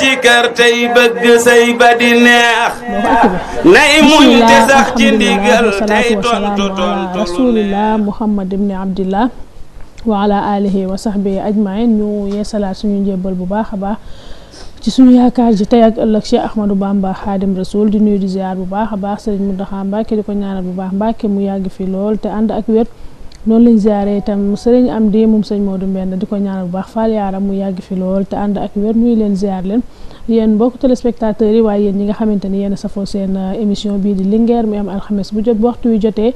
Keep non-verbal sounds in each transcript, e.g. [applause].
ci kër tey bëgg sëy ba di neex nay muñ te sax ci ndigal tey tontu tontu rasulillah muhammad ibni abdillah wa ala wa sahbihi ajmain ñu yeesalaat suñu njébbal bu baax a baax ci suñu yaakaar ji tey ak ëllëg Cheikh Ahmadou Bamba Xaadim Rasul di nuyu di ziar bu baax a baax Sëriñ Muntaxa Mbàkke di ko ñaanal bu baax Mbàkke mu yàgg fi lool te ànd ak wet noonu lañ ziare itam sëriñ am di moom sëñ Modou Mbène di ko ñaanal bu baax faal yaaram mu yàgg fi lool te ànd ak wér nuyu leen ziar leen yéen mbokk téléspectateurs yi waaye yéen ñi nga xamante ni yéen a safoo seen euh, émission bii di Linguère mi am alxames bu jot bu waxtu wi jotee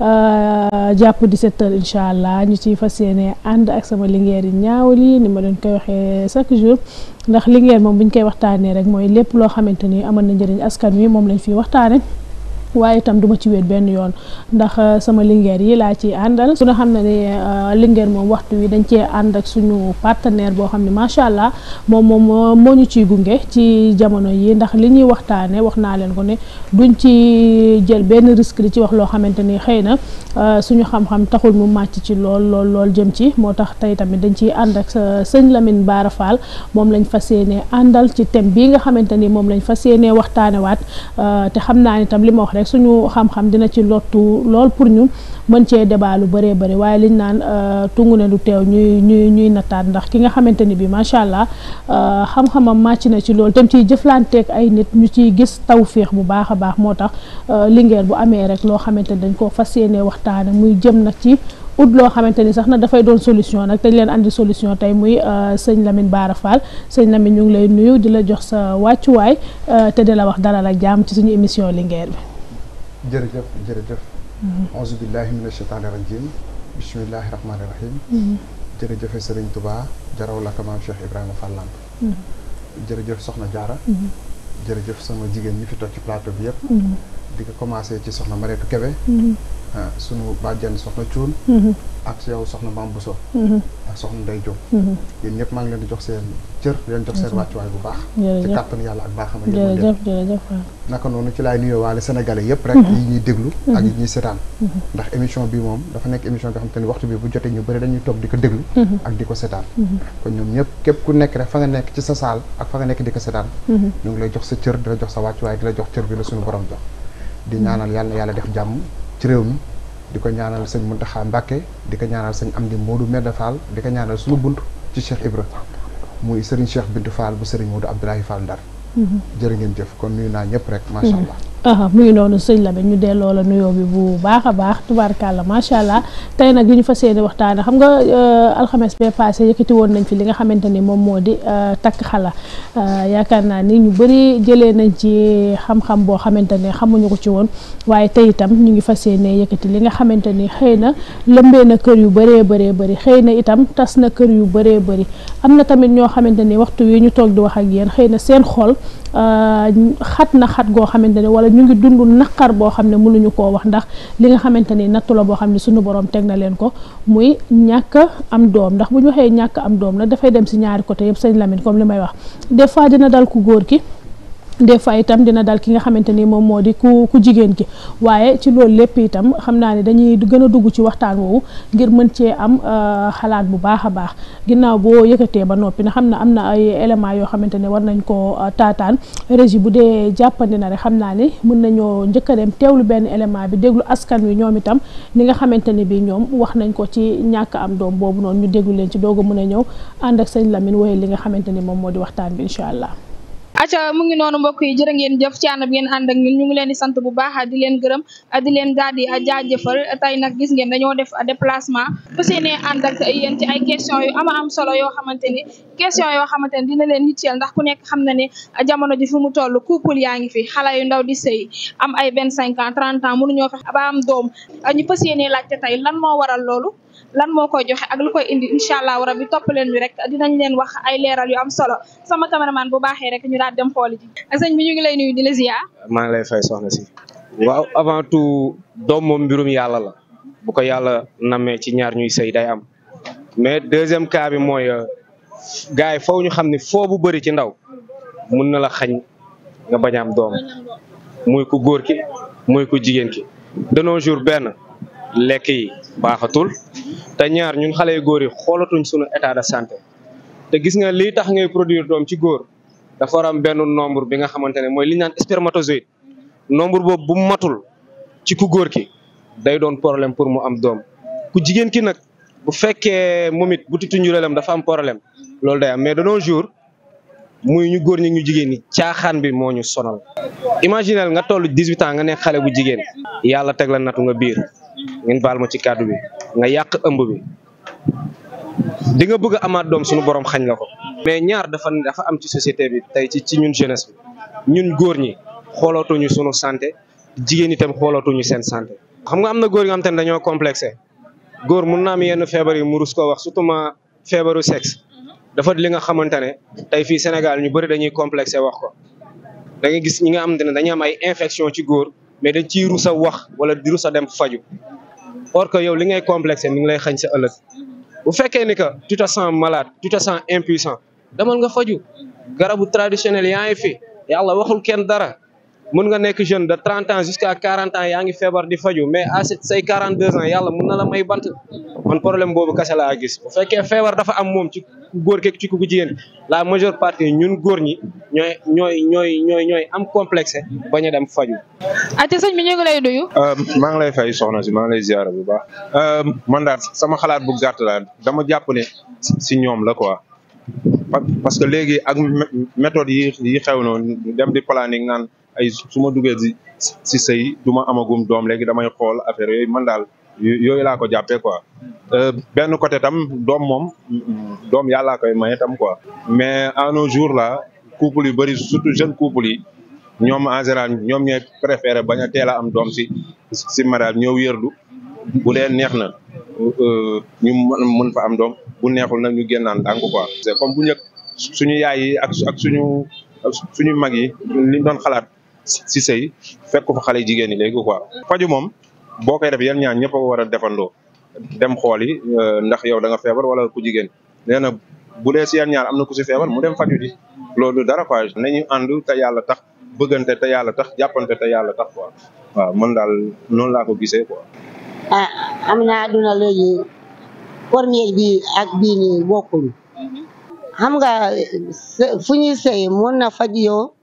euh, jàpp 17 heures incha allah ñu ciy fas yéene ànd ak sama Linguère yi ñaawal yi ni ma leen koy waxee chaque jour ndax Linguère moom bu ñu koy waxtaanee rek mooy lépp loo xamante ni amal na askan wi moom lañ fiy waxtaane waaye itam duma ci wéet benn yoon ndax euh, sama lingeer yi laa ci àndal su nga xam ne ni euh, lingeer moom waxtu wi dañ cee ànd ak suñu partenaire boo xam ne macha allah moom moom euh, moo ñu ciy gunge ci jamono yi ndax li ñuy waxtaane wax naa leen ko ne duñ ci jël benn risque di ci wax loo xamante ni xëy na suñu xam taxul mu màcc ci lool lool jëm ci moo tax tey tamit dañ ciy ànd ak sëñ Lamine Bara Fall moom lañ fas yéene àndal ci thème bii nga xamante ni moom lañ fas yéene waxtaanewaat te xam naa ni tam li ma wax rek suñu xam-xam dina ci lottu lool pour ñu mën cee débat lu bëree bëri waaye liñ naan euh, tungu ne lu teew ñuy ñuy ñuy nattaat ndax ki nga xamante ni bi macha allah euh, xam-xamam màcc na ci loolu tam ciy jëflanteeg ay nit ñu ciy gis taw tawféex bu baax a baax moo tax euh, Linguère bu amee rek loo xamante ni dañ koo fas yéene waxtaan muy jëm nag ci ut loo xamante ni sax na dafay doon solution nag dañ leen andi solution tey muy sëñ Lamine Bara Fall sëñ Lamine ñu ngi lay nuyu di la jox sa wàccuwaay te di la wax dalal ak jàmm ci suñu émission Linguère bi jërëjëf jërëjëf auzu billahi mina sheytaani rajim bismillahi rahmaani rahim jërëjëfe sëriñ tubaa jaraw la kamaam cheikh ibrahima fallant jërëjëf soxna jaara jërëjëf sama jigéen ñi fi toog ci plateau bi yëpp di ko commencé ci soxna Mareetu Kebe Ah, sunu bàjjan soxna Cuun mhm. ak yow soxna Maam Bousso mhm. ak soxna Ndey Jóob mhm. yéen ñëpp maa ngi leen di jox seen cër di leen jox seen wàccuwaay bu baax ci kàttan yàlla ak baaxam a jërëjëf jërëjëf naka noonu ci laay nuyoo waale sénégalais yëpp rek yi ñuy déglu ak yi ñuy seetaan ndax émission bi moom dafa nekk émission nga xam te ni waxtu bi bu jotee ñu bëri dañuy toog di ko déglu ak di ko seetaan kon ñoom ñëpp képp ku nekk rek fa nga nekk ci sa saal ak fa nga nekk di ko seetaan ñu ngi lay jox sa cër di la jox sa wàccuwaay di la jox cër ci réew mi di ko ñaanal sëñ Muntaxa Mbàkke di ko ñaanal sëñ Amdi Moodu Medda faal di ko ñaanal suñu bunt ci Cheikh Ibra muy sëriñ Cheikh Bintu faal bu sëriñ Moodu Abdoulaye Fall Ndar mhm. jërë ngeen jëf kon nuyu naa ñëpp rek macha mhm. allah mu ngi noonu sëñ la Labe ñu delloo la nuyoo bi bu baax a baax tubaarkàlla macha allah tey nag li ñu fas waxtaan waxtaane xam nga euh, alxames bee passé yëkkati woon nañ fi li nga xamante ni moom moo di euh, takk xala euh, yaakaar naa ni ñu bëri jëlee nañ ci xam-xam boo xamante ne xamuñu ko ci woon waaye tey itam ñu ngi fas yéene yëkkati li nga xamante ni xëy na lëmbee na kër yu bëree bëree bari xëy na itam tas na kër yu bëree bëri am na tamit ñoo xamante ni waxtu wi ñu toog di wax ak yéen xëy na seen xol Euh, xat na xat goo xamante ne wala ñu ngi dund naqar boo xam ne mënuñu koo wax ndax li nga xamante ni nattu la boo xam ne suñu boroom teg na leen ko muy ñàkk am doom ndax bu ñu waxee ñàkk am doom nag dafay dem si ñaari côté yëpp sëñ Lamine comme li may wax des fois dina dal ku góor ki des fois itam dina dal ki nga xamante ni moom moo di ku ku jigéen ji waaye ci loolu lépp itam xam naa ne dañuy gën a dugg ci waxtaan woowu ngir mën cee am euh, xalaat bu baax a baax ginnaaw boo yëkkatee ba noppi na xam na am na ay éléments yoo xamante ne war nañ ko euh, taataan régie bu dee jàppandi na rek xam naa ni mën nañoo njëkk a dem teewlu benn élément bi déglu askan wi ñoom itam li nga xamante ni bi ñoom wax nañ ko ci ñàkk am doom boobu noonu ñu déglu leen ci doog mën a ñëw ànd ak sëñ Lamine wooye li nga xamante ni moom moo di waxtaan bi incha allah aca mu ngi noonu mbokk yi jërë ngeen jëf ci ànd ngeen ànd ak ñun ngi leen di sant bu baax di leen gërëm di leen daal di jaajëfal tey nag gis ngeen dañoo def déplacement bu seenee ànd ay question yu ama am solo yoo xamante ni question yoo xamante ni dina leen yitteel ndax ku nekk xam na ne jamono ji fi mu toll couple yaa ngi fi xale yu ndaw di sëy am ay vingt cinq ans trente ans mënuñoo fexe ba am doom ñu fas yéenee laajte tey lan moo waral loolu lan moo koy joxe ak lu koy indi incha allahu rabi topp leen bi rek dinañ leen wax ay leeral yu am solo sama maan bu baaxee rek ñu daal dem xooli ji sëñ bi ñu ngi lay la ziar. maa ngi lay fay soxna si. waaw avant tout doom moom mbirum yàlla la bu ko yàlla namee ci ñaar ñuy sëy day am mais deuxième cas bi mooy euh, gars yi foofu ñu xam ne foo bu bëri ci ndaw mun na la xañ nga bañ am doom muy ku góor ki muy ku jigéen ki de jour benn. lekk yi baaxatul te ñaar ñun xale yu góor yi xoolatuñ sunu état de santé te gis nga lii tax ngay produire doom ci góor dafa war am benn nombre bi nga xamante ne mooy li ñu naan spermatozoïde nombre boobu bu matul ci ku góor ki day doon problème pour mu am doom ku jigéen ki nag bu fekkee moom it bu titu njureelam dafa am problème loolu day am mais de nos jours muy ñu góor ñi ñu jigéen ñi caaxaan bi moo ñu sonal. imaginel nga toll 18 ans nga ne xale bu jigéen yàlla teg la natu nga biir. ngeen baal mo ci cadeau bi nga yak eumbu bi di nga bëgg amaat doom suñu borom xagn la ko. mais ñaar dafa dafa am ci société bi tay ci ci ñun jeunesse bi ñun goor ñi ñu suñu santé jigéen itam ñu seen santé. xam nga am goor góor yoo xam dañoo complexé goor mu na am yenn fièvre yi mu rus ko wax surtout ma fièvre sexe dafa li nga xamante tay fi Sénégal ñu bëri dañuy complexé wax ko da nga gis ñi nga dañuy am ay infection ci goor mais dañ ci rus a wax wala di rus a dem faju or que yow li ngay complexé mi ngi lay xañ sa ëllëg bu fekkee ni que tu te sens malade tu te sens impuissant demal nga faju garabu traditionnel yaa ngi fi yàlla waxul kenn dara mën nga nek jeune de 30 ans jusqu'à 40 ans yaangi ngi di faju mais à say 42 ans yalla mën na la may bant man problème bobu kassa la gis bu fekke feebar dafa am mom ci goor kek ci ku jigéen la majeure partie ñun goor ñi ñoy ñoy ñoy ñoy ñoy am complexe baña dem faju ate señ mi ñu ngi lay euh ma ngi lay fay soxna ci ma ngi lay ziaré bu baax euh, man daal sama xalaat bu gàtt la dama japp ne si ñom la quoi parce que légui ak méthode yi xew non dem di planning naan ay su ma duggee si si sëy du ma amagum doom léegi damay xool affaire yooyu man daal yooyu laa ko jàppee quoi euh, benn côté tam doom moom doom yàllaa koy maye tam quoi mais à nos jours la couple yu bëri surtout jeune couple yi ñoom en ñoom ñooy préféré bañ a teel a am doom si si mariage ñëw wérdu bu lee neex na euh, ñu mën fa am doom bu neexul nag ñu génnaan ndànk quoi c'est comme bu njëkk suñu yaay yi ak suñu suñu mag yi liñ doon xalaat si sëy fekk ko fa xale jigéen ñi léegi quoi. faju moom boo koy def yan ñaan ñëpp a war a dem xool yi euh, ndax yow da nga feebar wala ku jigéen nee na bu dee si yan ñaar am na ku si feebar mu dem faju ji loolu dara quoi nañu and ta yàlla tax bëggante te yàlla tax jàppante te yàlla tax quoi waaw man daal noonu laa ko gisee quoi. ah am na adduna léegi première bi ak bii nii bokkul mhm. xam nga fu ñuy sëy mën na faj yow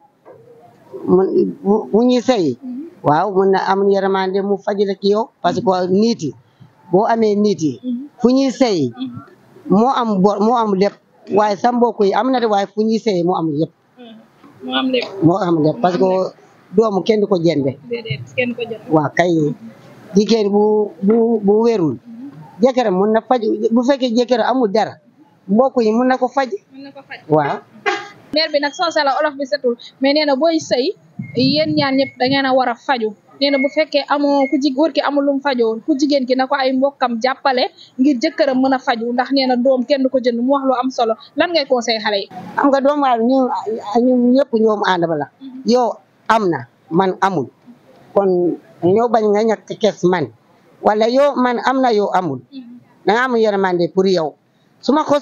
mun bu ñuy sëy mm-hmm. waaw mun na am yërmande mu faj ci yow parce que mm-hmm. nit yi boo amee nit yi mm-hmm. fu ñuy sëy moo am bor moo am lépp waaye sa mbokk yi am na de waaye fu moo am lépp moo parce que doomu kenn du ko jënde waaw kay jigéen bu bu bu wérul jëkkëram mun na faj bu fekkee jëkkër amul dara mbokk yi mun na ko faj waaw mère bi nag soose la olof bi satul mais nee na booy say yéen ñaan ñëpp da ngeen a war faju nee bu fekkee amoo ku ji góor amul lum fajoo ku jigéen ki na ko ay mbokkam jàppale ngir jëkkëram mën a faju ndax nee na doom kenn du ko jënd mu wax am solo lan ngay conseil xale yi. am nga doomu aadama ñun ñëpp ñoom aadama la mhm. yow am na man amul kon ñoo bañ nga ñàkk kees man wala yow man am na yow amul mhm. da nga am yërmande pour yow su ma ko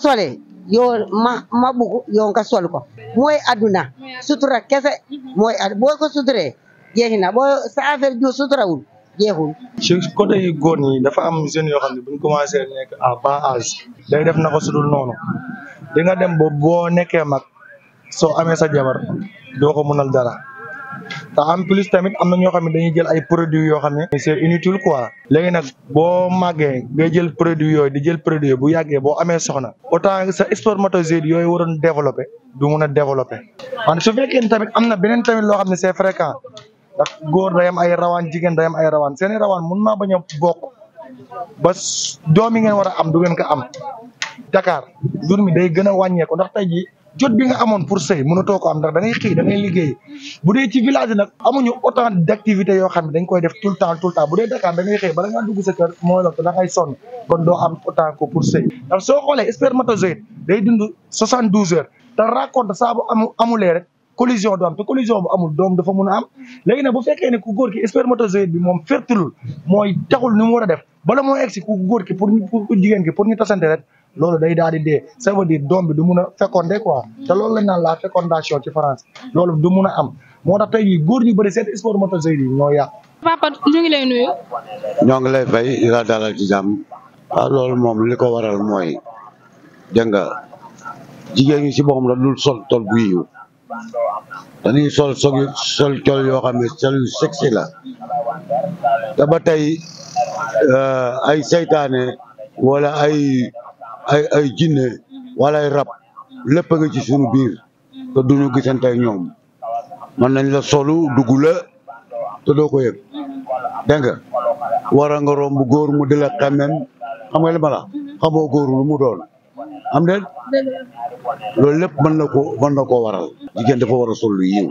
yoo ma ma bugg yow sol ko mooy adduna sutura kese mooy a boo ko suturee jeexi na boo sa affaire ju suturawul jeexul. ci côté yi góor ñi dafa am jeunes yoo xam ne bu ñu commencé nekk à bas âge day def na ko sudul noonu di nga dem bo boo nekkee mag soo amee sa jabar doo ko mënal dara. te en plus tamit am na ñoo xam ne dañuy jël ay produits yoo xam ne c'est inutile quoi léegi nag boo màggee ngay jël produits yooyu di jël produit yooyu bu yàggee boo amee soxna autant sa spermatozoïde yooyu waroon développé du mun a développé man su fekkee tamit am na beneen tamit loo xam ne c'est fréquent ndax góor day ay rawaan jigéen day am ay rawaan seeni rawaan mun naa bañ a bokk ba doom yi ngeen war a am du ngeen ko am Dakar jur mi day gën a wàññeeku ndax tey jot bi nga amoon pour sëy mënatoo ko am ndax da ngay xëy da liggéey bu dee ci village yi nag amuñu autant d' activité yoo xam ne dañ koy def tout le temps tout le temps bu dee Dakar da ngay xëy bala ngaa dugg sa kër mooy loolu te da ngay sonn kon doo am day dund soixante douze heures te raconte saa amulee rek collision du am te collision bu amul doom dafa mun a am léegi nag bu fekkee ne ku góor ki spermatozoïde bi moom fertilul mooy taxul ni mu war a def bala moo ku góor ki pour ku jigéen ki pour ñu tasante rek loolu day daal di dee ça veut dire doom bi du mun a fécondé quoi te mm. loolu lañ naan la fécondation ci France loolu du mun a am moo tax tey jii góor ñu bëri seen sport motocycliste yi ñoo yàq. papa ñu ngi ñoo ngi lay fay di la ci jàmm. waaw ah, loolu moom li ko waral mooy dégg nga jigéen ñi si boppam la dul sol tol bu yiw dañuy sol soog sol col yoo xam ne sol yu sexy la ba tey euh, ay seytaane wala ay. ay ay jinne wala ay rab lépp a ngi ci sunu biir te duñu gisante ak ñoom mën nañ la solu dugg la te doo ko yëg dégg nga war a nga romb góor mu di la xemmeem xam nga li ma la xamoo góor lu mu doon am déet loolu lépp mën na ko mën na koo waral jigéen dafa war a sol lu yiw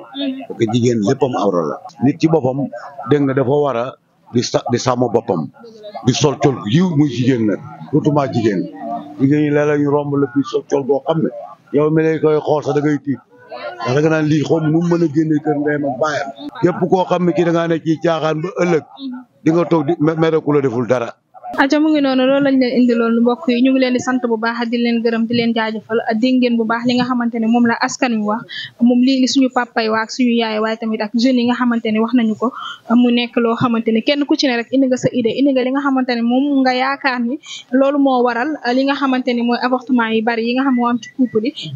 que jigéen léppam awra la nit ci boppam dégg nga dafa war a di sa di sàmm boppam di sol col yiw mu jigéen nag surtout jigéen jigéen ñi léeg-léeg ñu romb la fii sol col boo xam ne yow mi lay koy xool sax da ngay tiit ndax nga naan lii xoom nu mu mën a génne kër ndeyam ak baayam képp koo xam ne kii da ngaa ne ciy caaxaan ba ëllëg di nga toog di mere ku deful dara aca mu ngi noonu loolu lañ leen indi loolu mbokk yi ñu ngi leen di sant bu baax di leen gërëm di a jaajëfal dégg ngeen bu baax li nga xamante ne moom la askan wi wax moom lii li suñu yaay waaye tamit ak yi nga xamante ne wax nañu ko mu nekk loo xamante ne kenn ku ci ne rek indi nga sa idée indi nga nga xamante ne moom nga yaakaar ni loolu moo waral li nga xamante ne mooy avortement yi bari yi nga xam moo am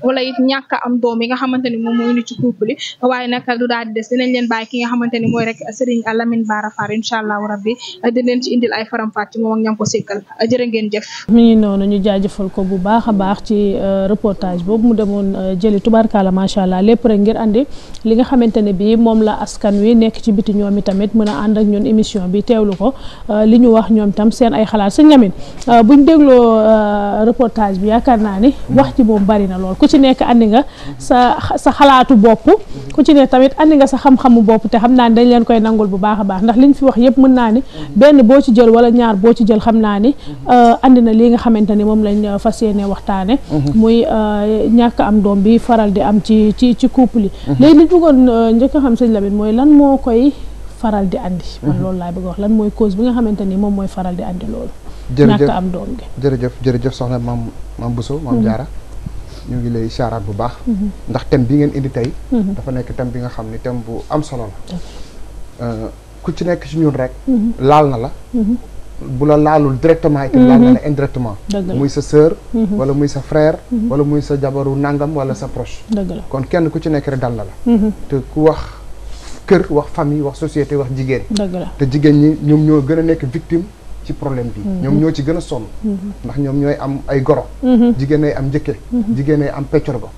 wala it ñàkk am doom yi nga xamante ne moom moo indi ci couple yi waaye nag du daal des dinañ leen bàyyi ki nga xamante ne mooy rek Serigne Lamine Bara Fall incha allahu rabbi di ay faram-fàcc ña ngi ko sekkal jërë ngeen jëf mi ngi noonu ñu jaajëfal ko bu baax a baax ci euh, reportage boobu mu demoon euh, jëli tubaarkaala macha allah lépp rek ngir andi li nga xamante ne bii moom la askan wi nekk ci biti ñoom itamit mën a ànd ak ñun émission bi teewlu ko euh, li ñu wax ñoom tam seen ay xalaat sëñ Lamine buñ dégloo reportage bi yaakaar naa ni wax ci moom bari na lool ku ci nekk andi nga sa sa xalaatu bopp ku ci ne tamit andi nga sa xam-xamu bopp te xam naa ni dañ leen koy nangul bu baax a baax ndax liñ fi wax yëpp mën naa ni benn boo ci jël wala ñaar boo ci jël jël xam naa ni euh, andi na li nga xamante ni moom lañ euh, fas yéene waxtaane mhm. muy euh, ñàkk am doom bi faral di am ci ci ci couple yi mhm. léegi li bëggoon njëkk a xam sëñ Lamine mooy lan moo koy faral di andi man mhm. loolu laay bëgg wax lan mooy cause bi nga xamante ni moom mooy faral di andi loolu ñàkk am doom gi jërëjëf jërëjëf soxna maam maam Bousso maam Diarra ñu ngi lay saaraat bu baax ndax thème bi ngeen indi tey dafa nekk thème bi nga xam ni thème bu am solo la ku ci nekk ci ñun rek laal na la bu la laalul directement itam laal na la mhm. indirectement muy sa sœur mhm. wala muy sa frère mhm. wala muy sa jabaru nangam wala sa proche kon kenn ku ci nekk rek dal la la te ku wax kër wax famille wax société wax jigéen te jigéen ñi ñoom ñoo gën a nekk victime ci problème bi ñoom ñoo ci gën a sonn ndax ñoom ñooy am ay goro jigéen ay am njëkke jigéen ay am peccorgo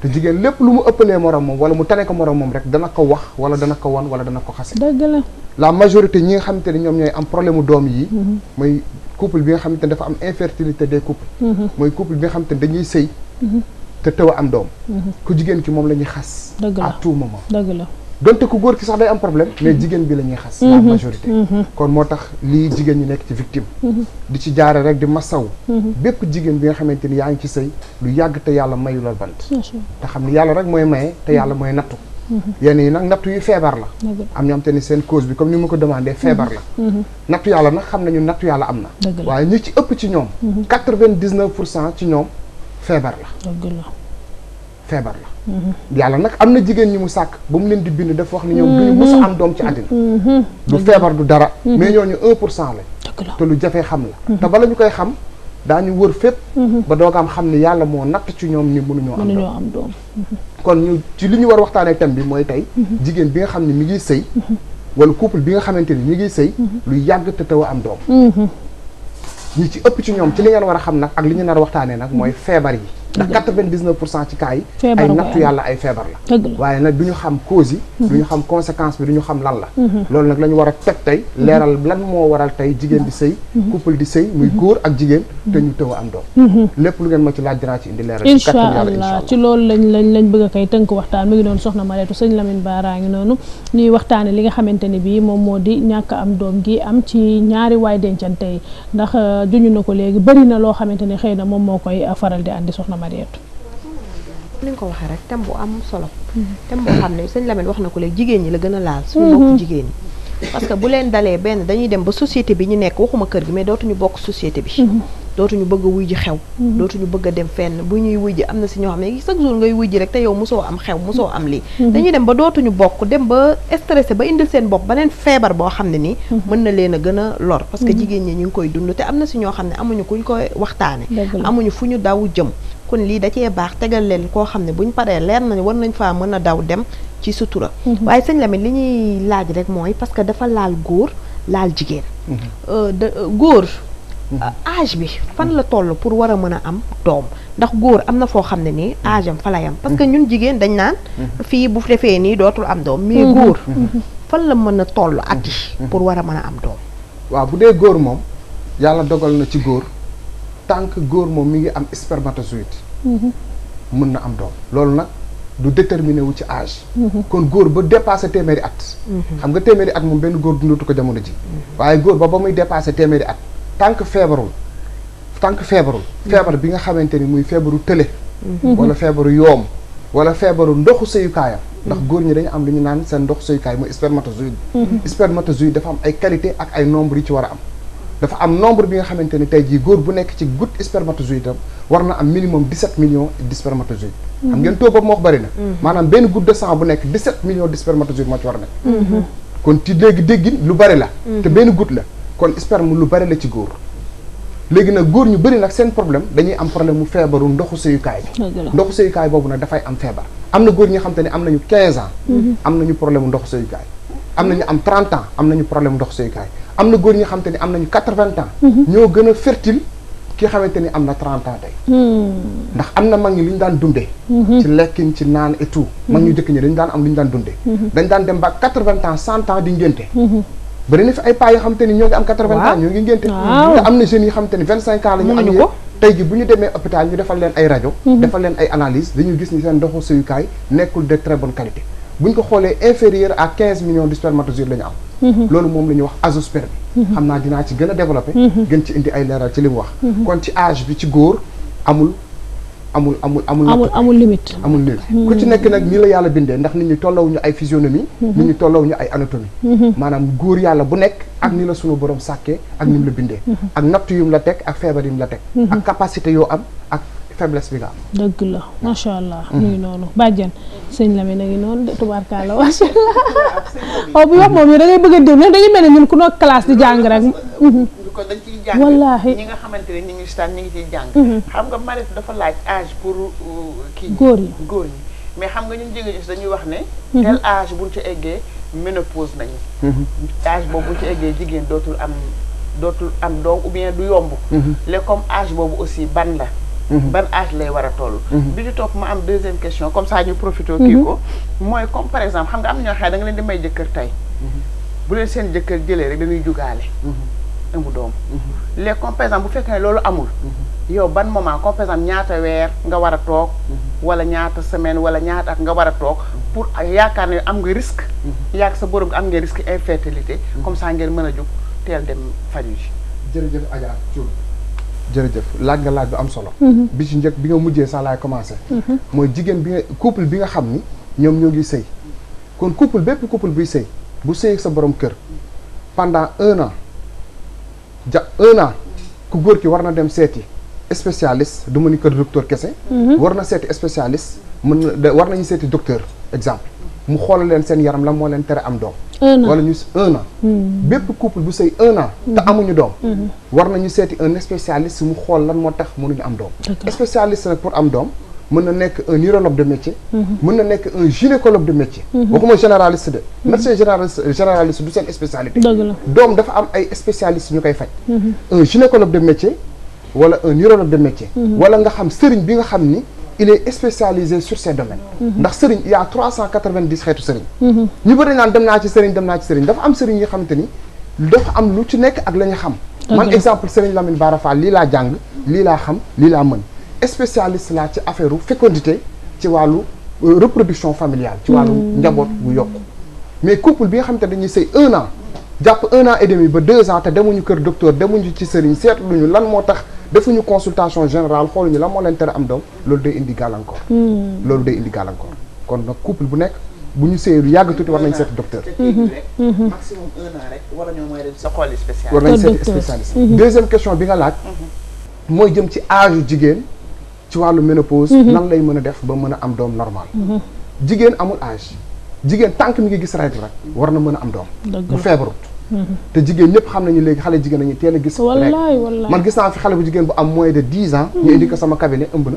te jigéen lépp lu mu ëppalee morom moom wala mu tane ko morom moom rek dana ko wax wala dana ko wan wala dana ko xase. dëgg la la majorité ñi nga xamante ne ñoom ñooy am problème mu doom yi. Mhm. mooy couple bi nga xamante ne dafa am infertilité de couples. Mhm. mooy couple bi nga xam ne dañuy sëy. Mhm. te tëw am doom. ku jigéen ki moom la ñuy xas. dëgg tout moment dëgg la. donte ku góor ki sax day am problème mais jigéen bi la ñuy xas mhm. majorité mhm. kon moo tax lii jigéen ñi nekk ci victime mhm. di ci jaare rek di ma masaw bépp jigéen bi nga xamante ni yaa ngi ci sëy lu yàgg te yàlla mayu la bant te xam ne yàlla rek mooy maye te yàlla mooy nattu yenn yi nag nattu yu feebar la am ñoo xam te ni seen cause bi comme ni ma ko demandé feebar la nattu yàlla na xam nañu nattu yàlla am na waaye ñi ci ëpp ci ñoom quatre-vingt-dix-neuf pour cent ci ñoom feebar la feebar la. yàlla nag am na jigéen ñi mu sàkk ba mu leen di bind dafa wax ni ñoom duñu mës a am doom ci àddina. Mm-hmm. du feebar du dara. Mm-hmm. mais ñooñu un pour cent la te lu jafe xam la. Mm-hmm. te bala ñu koy xam daañu wër fépp. ba doog am xam ni yàlla moo natt ci ñoom ni mënuñoo am doom kon ñu ci li ñu war waxtaanee thème bi mooy tey. jigéen bi nga xam ne mi ngi sëy. wala couple bi nga xamante ni mi ngi sëy. lu yàgg te taw a am doom. ñi ci ëpp ci ñoom ci li ngeen war a xam nag ak li ñu nar a waxtaanee nag mooy feebar yi. ndax quatre vingt dix pour cent ci cas yi ay nattu yàlla ay feebar la waaye nag du ñu xam cause yi du xam conséquence bi du ñu xam lan la mhm. loolu nag la ñu war a teg tey leeral lan moo waral tey jigéen di sëy mhm. couple di sëy muy mhm. góor ak jigéen te ñu tëw am doom lépp lu ngeen ma ci laaj dinaa ci indi leeral incha allah ci loolu lañ lañ bëgg a kay tënk waxtaan mi ngi doon soxna Mareetu sëñ Lamine Bara ngi noonu ñuy waxtaane li nga xamante ne bii moom moo di ñàkk am doom gi am ci ñaari waay dencante yi ndax eh, juñu na ko léegi bëri na loo xamante ne xëy na moom moo koy eh, faral di andi soxna Mariétou ni nga ko waxee rek tem bu am solo tem mhm. boo xam ne sëñ Lamine wax na ko léegi jigéen ñi la gën a laal suñu mhm. mbokk jigéen ñi parce que bu leen dalee benn dañuy dem ba société bi ñu nekk waxuma kër gi mais dootuñu bokk société bi mhm. dootuñu bëgg a wuy ji xew dootuñu bëgg a dem fenn bu ñuy wuy am na si ñoo xam ne chaque jour ngay wuy rek te yow mosoo am xew mosoo am lii dañuy dem ba dootuñu bokk dem ba stressé ba indil seen bopp beneen feebar boo xam ne ni mën na leen a gën a lor parce que jigéen ñi ñu ngi koy dund te am na si ñoo xam ne amuñu kuñ koy waxtaane amuñu fu ñu daw jëm kon lii da cee baax tegal leen koo xam ne bu ñu paree leer nañu war nañ faa mën a daw dem ci sutura. Mhm. waaye sañ la Lamine li ñuy laaj rek mooy parce que dafa laal góor laal jigéen. Mhm. Euh, euh, góor. Mhm. Euh, âge bi fan la toll pour war a mën a am doom ndax góor am na foo xam ne nii âge am fa parce que ñun jigéen dañ naan. fii bu defee nii dootul am doom. mais góor. fan la mën a toll at pour war a mën a am doom. waaw bu dee góor moom yàlla dogal na ci góor. tant que góor moom mi ngi am spermatozoïde mun na am doom loolu nag du déterminé wu ci âge kon góor ba dépassé téeméeri at xam nga téeméeri at moom benn góor dundatu ko jamono ji waaye góor ba ba muy dépassé téeméeri at tant que feebarul tant que feebarul feebar bi nga xamante ni muy feebaru tële wala feebaru yoom wala feebaru ndoxu sëyukaayam ndax góor ñi dañu am lu ñu naan seen ndoxu sëyukaay mooy spermatozoïde mhm. spermatozoïde dafa am ay qualité ak ay nombre yi ci war a am dafa am nombre bi nga xamante ni tey jii góor bu nekk ci goutte spermatozoïde am war na am minimum 17 millions de spermatozoïde xam ngeen taux boobu moo wax bëri na mm. maanaam benn goutte de sang bu nekk 17 millions de spermatozoïde moo ci war a nekk mm-hmm. kon ci léegi déggin lu bëri la mm-hmm. te benn goutte la kon sperme lu bëri la ci góor léegi nag góor ñu bëri nag seen problème dañuy am problème mu feebaru ndoxu sëyukaay bi ndoxu sëyukaay boobu nag dafay am feebar am na góor ñi nga xam te ne am nañu 15 ans mm-hmm. am nañu problème ndoxu sëyukaay am nañu am 30 ans am nañu problème ndoxu sëyukaay am na góor ñi xamante ni am nañu quatre-vingts ans. Mhm. ñoo gën a fertile ki xamante ni am na trente ans tey. Hmm. ndax am na mag ñi lu ñu daan dundee. Mhm. ci lekkin ci naan et tout. Mhm. mag ñu jëkk ñi dañu daan am lu ñu daan dundee. dañ daan dem ba quatre-vingts ans cent ans di ngénte. bëri na fi ay paa yoo xamante ni ñoo ngi am quatre-vingts ans ñoo ngi ngénte. te am na jeunes yi xamante ni vingt-cinq ans la ñu. amuñu ko tey ji bu ñu demee hôpital ñu defal leen ay rajo. defal leen ay analyse dañuy gis ni seen ndoxu suyukaay nekkul de très bonne qualité. bu ñu ko xoolee inférieur à quinze millions de spermatozoïdes la ñu am. Mhm. loolu moom la ñuy wax azoospermie. Mhm. xam naa dinaa ci gën a développé. Mhm. gën ci indi ay leeral ci li mu wax. kon ci âge bi ci góor amul amul amul amul. amul amul limite amul limite. ku ci nekk nag nii la yàlla bindee ndax nit ñi tollawuñu ay physionomie. nit ñi ñu ay anatomie. maanaam góor yàlla bu nekk ak ni la sunu borom sàkkee ak ni mu la bindee. ak natt yu mu la teg ak feebar yu la teg. ak capacité yoo am faiblesse bi nga am. dëgg la macha allah. Mm-hmm. muy noonu bàjjan sëñ Lamine a ngi noonu de tubaarkalla [laughs] macha allah. Oh, bu wax moom yi da ngay bëgg a déglu da ngay mel ne ñun ku nekk classe di jàng rek. Mm-hmm. kon dañ ciy jàng ñi nga xamante ne ñu ngi staan ñu ngi ciy jàng. Mm-hmm. xam nga mariage dafa laaj âge pour euh, kii. góor yi góor yi mais xam nga ñun jigéen ñi dañuy wax ne. tel âge buñ ci eggee ménopause nañu. âge boobu buñ ci eggee jigéen dootul am dootul am doom ou bien du yomb. le comme boobu aussi ban la. Mm-hmm. ban âge lay war a toll. Mm-hmm. bi ñu topp ma am deuxième question comme ça ñu profité. kii mm-hmm. ko mooy comme par exemple xam nga am ñoo xam ne da nga leen di may jëkkër tey. bu leen seen jëkkër jëlee rek dañuy jugaale. ëmb doom. léegi comme par exemple bu fekkee ne loolu amul. yow ban moment comme par exemple ñaata weer nga war a toog. wala ñaata semaine wala ñaata at nga war a toog. pour yaakaar ne am nga risque. yaak sa borom am nga risque infertilité. comme ça ngeen mën a jóg teel dem faju ji. jërëjëf Adja Thioune. jërëjëf laaj nga laaj bu am solo. Mm-hmm. bi ci njëkk bi nga mujjee sax laay commencé. Mm-hmm. mooy jigéen bi nga couple bi nga xam ni ñoom ñoo ngi sëy kon couple bépp couple buy sëy bu sëy sa borom kër pendant un an ja un ku góor ki war na dem seeti spécialiste du ma ni kër docteur kese. Mm-hmm. war na seeti spécialiste mën na war nañu seeti docteur exemple. mu xoolal leen seen yaram la moo leen tere am doom wala ñu un an bépp couple bu sëy un an te amuñu doom war nañu seeti un spécialiste mu xool lan moo tax mënuñu am doom spécialiste nag pour am doom mën na nekk un urologue de métier mën na nekk un gynécologue de métier waxuma généraliste de médecin généraliste généraliste du seen spécialité doom dafa am ay spécialiste ñu koy faj un gynécologue de métier wala un urologue de métier wala nga xam sëriñ bi nga xam ni il est spécialisé sur ces domaines. Mhm. ndax sëriñ il y a 390 xeetu sëriñ. Mhm. ñu bëri naan dem naa ci sëriñ dem naa ci sëriñ dafa am sëriñ yi xamanteni ni dafa am lu ci nek ak lañu xam. man exemple sëriñ Lamine Barafa li la jang, li la xam li la mën spécialiste laa ci affaire fécondité ci walu euh, reproduction familiale. ci walu mhm. njabot bu yok. mais couple bi nga xamante dañuy sëy 1 an Japp 1 an et demi ba 2 ans té demuñu kër docteur demuñu ci sëriñ seetluñu lan moo tax. defuñu consultation générale xooluñu la moo leen tere am doom loolu de indi gàllankoor. Hmm. loolu day indi gàllankoor kon nag couple bu nekk bu ñu séy lu yàgg tuuti war nañ seeti docteur. Hmm. Hmm. maximum un an war mooy dem sa xooli spécialiste. war nañ seeti spécialiste. deuxième question bi nga laaj. mooy jëm ci âge jigéen ci wàllu ménopause. nan lay mën a def ba mën a am doom normal. jigéen amul âge jigéen tànk mi ngi gis règle rek war na mën a am doom. bu feebarut. te jigéen ñëpp xam nañu léegi xale jigéen nañu teel a gis wallaay wallaay man xale bu jigéen bu am moins de dix ans hmm. ñu ko sama cabinet ëmb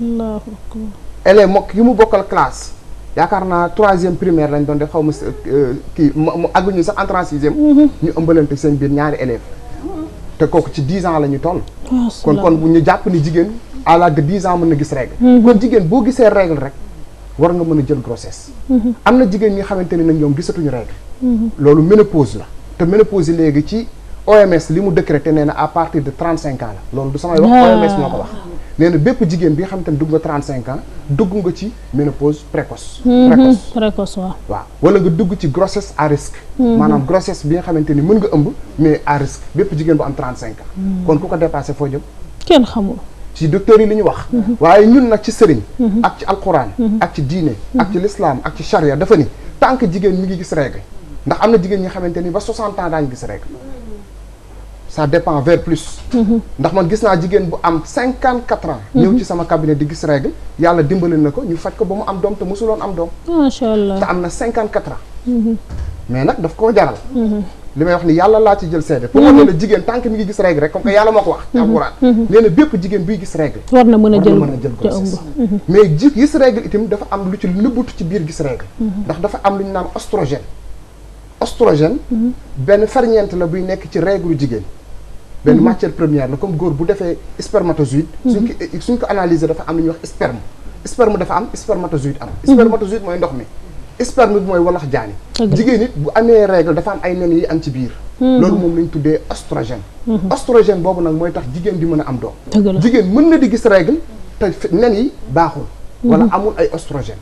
na allahu akbar élève yi mu bokkal classe yaakaar naa troisième primaire lañ doon def xaw ma euh, kii mu àgguñu sax entrant sixième hmm. ñu ëmbalante seen biir ñaari élève te kooku ci dix ans la ñu toll kon kon bu ñu jàpp ni jigéen à l'âge de dix ans mën na gis règle hmm. kon jigéen boo gisee règle rek war nga mën a jël grossesse am na jigéen ñi xamante ne nag ñoom gisatuñu règle loolu ménopause la te ménopause yi léegi ci OMS li mu décrété nee na à partir de 35 ans la loolu du samay wax ah. OMS moo ko wax nee na bépp jigéen bi nga xam te ne dugg nga 35 ans dugg nga ci ménopause précoce. Hmm, hmm, précoce précoce waaw. waaw wala nga dugg ci grossesse à risque. Hmm, maanaam grossesse bi nga xamante ni mën nga ëmb mais à risque bépp jigéen bu am 35 ans. kon ku ko dépassé foo jëm. kenn xamul. ci docteur yi li ñu wax. waaye ñun nag ci sëriñ. ak ci al alquran. ak ci diine. ak ci l'islam ak ci charia dafa ni tant que jigéen mi ngi gis règle. ndax am na jigéen ñi xamante ni ba 60 ans daañu gis règle ça dépend vers plus. ndax man gis naa jigéen bu am 54 ans. ñëw ci sama cabinet di gis règle yàlla dimbali na ko ñu faj ko ba mu am doom te mosuloon am doom. macha allah te am na 54 ans. Mhm. mais nag daf koo jaral. Mhm. li may wax ni yàlla laa ci jël seede. pour mhm. wane la jigéen tant mi ngi gis règle rek comme que yàlla moo ko wax. ci alxuraan nee na bépp jigéen buy gis règle. na mën a mais ji gis règle itam dafa am lu ci nëbbutu ci biir gis règle. ndax dafa am lu ñu naan oestrogène. ostrogène mhm. benn ferñeent la buy nekk ci règle jigéen benn mhm. matière première la comme góor bu defee spermatozoïde mhm. suñ ko eh, suñ dafa am lu ñuy wax sperme sperme dafa am spermatozoïde am spermatozoïde mooy ndox mi sperme bi mooy walax jaani jigéen it bu amee règle dafa am ay nen yi am ci biir loolu moom lañ tuddee ostrogène ostrogène boobu nag mooy tax jigéen di mën a am doom jigéen mën na di gis règle te nen yi baaxul walla amul ay ostrogène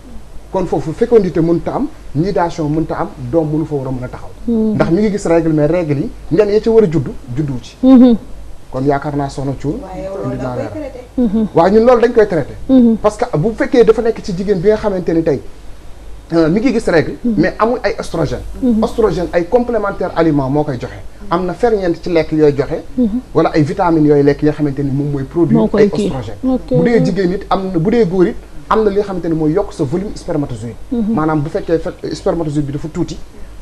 kon foofu fécondité ta am nidation mënta am doom mënu fa war a mën a taxaw. Hmm. ndax mi ngi gis règle mais règle yi ngeen ya ci war a juddu juddu ci. Hmm. kon yaakaar naa soxna Thioune. indi naa leeral hmm. waaw ñun loolu dañ koy traité. parce que bu fekkee dafa nekk ci jigéen bi nga xamante ni tey euh, mi ngi gis règle. mais amul ay oestrogène. oestrogène ay complémentaire aliment moo koy joxe. am na ferñeent ci lekk yooy joxe. wala ay vitamines yooy lekk yoo xamante ni moom mooy. produit ay oestrogène bu dee jigéen it am na bu dee góor it. am na lii nga xamante ne mooy yokk sa volume spermatozoïde mhm. maanaam bu fekkee fekk spermatozoïde bi dafa tuuti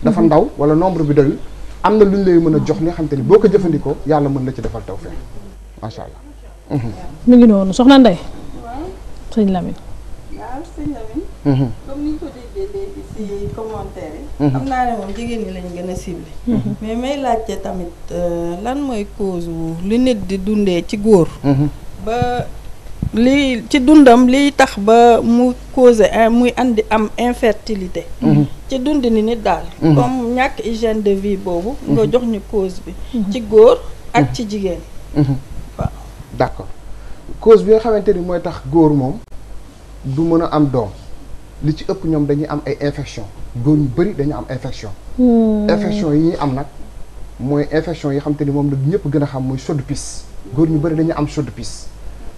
dafa mhm. ndaw wala nombre bi doyul am na lu ñu lay mën a jox li nga xamante ni boo ko jëfandikoo yàlla mën na ci defal tawfeex macha allah mu mhm. ngi noonu soxna Ndeye sëñ Lamine waaw sëñ Lamine comme ni ñu si commentaire mais may laajte tamit euh, lan mooy cause wu li nit di dundee ci góor ba li ci dundam li tax ba mu causer muy andi am infertilité mhm. ci dund ni nit mhm. comme ñak hygiène de vie bobu mhm. nga jox ñu cause bi ci góor ak ci jigen d'accord cause bi nga xamante ni tax góor mom du meuna am dom li ci ëpp ñom dañuy am ay infection góor ñu bari dañu am infection hmm. infection yi am nak, moy infection yi xamanteni mom moom la ñëpp gën xam moy chaude-pisse góor ñu bari dañu am chaude-pisse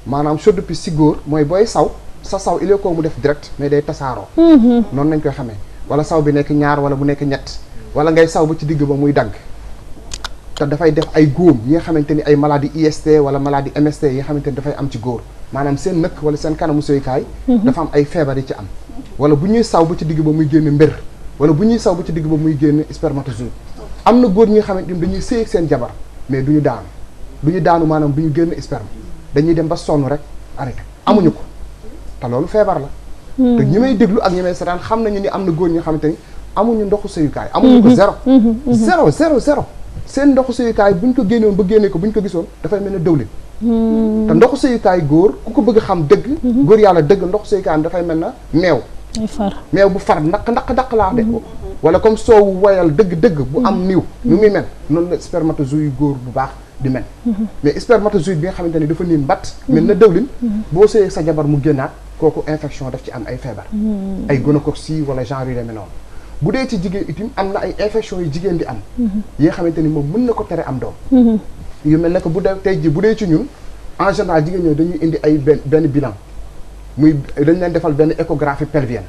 maanaam chaude piste si góor mooy booy saw sa saw il mu def direct mais day tasaaroo. Mhm. noonu lañ koy xamee wala saw bi nekk ñaar wala bu nekk ñett wala ngay saw ba ci digg ba muy dagg. te dafay def ay góom yi nga xamante ni ay maladie IST wala maladie MST yi nga xamante ni dafay am ci góor maanaam seen nëkk wala seen kanamu sooykaay mhm. dafa am ay feebar yi ci am wala bu ñuy saw ba ci digg ba muy génn mbër wala bu ñuy saw ba ci digg ba mu génn spermatozoïde am na góor ñi nga xamante ni dañuy seen jabar mais du ñu daanu du ñu daanu maanaam du ñu génn sperme dañuy dem ba sonn rek amuñu ko te loolu feebar la. Hmm. te ñi may déglu ak ñi may seetaan xam nañu ni am na góor ñi nga xamante ni amuñu ndoxu sëyukaay. amuñu ko hmm. zéro. Hmm. zéro zéro zéro. seen ndoxu sëyukaay buñ ko génnoon ba génnee ko bu ñu ko gisoon dafay mel ne dëwlin. te ndoxu sëyukaay góor ku ko bëgg xam dëgg. góor yàlla dëgg ndoxu sëyukaay dafay mel na meew. far meew bu far ndax ndax ndaq laa de. wala comme soow woyal dëgg dëgg. bu am niiw. nu muy mel noonu la spermatozoïde góor bu baax. di mel. Mhm. mais spermatozoïde bi nga xamante ne dafa nii mbatt mhm. mel na dëwlin. Mhm. boo seeyee sa jabar mu génnaat kooku infection daf ci am ay feebar. ay gonocoxie wala genre yu demee bu dee ci jigéen itam am na ay infection yu jigéen di am. yi nga xamante ni moom mën na ko tere am doom. yu mel ne que bu dee tey ji bu dee ci ñun en général jigéen ñooñu dañuy indi ay benn benn bilan muy dañ leen defal benn échographie pelvienne.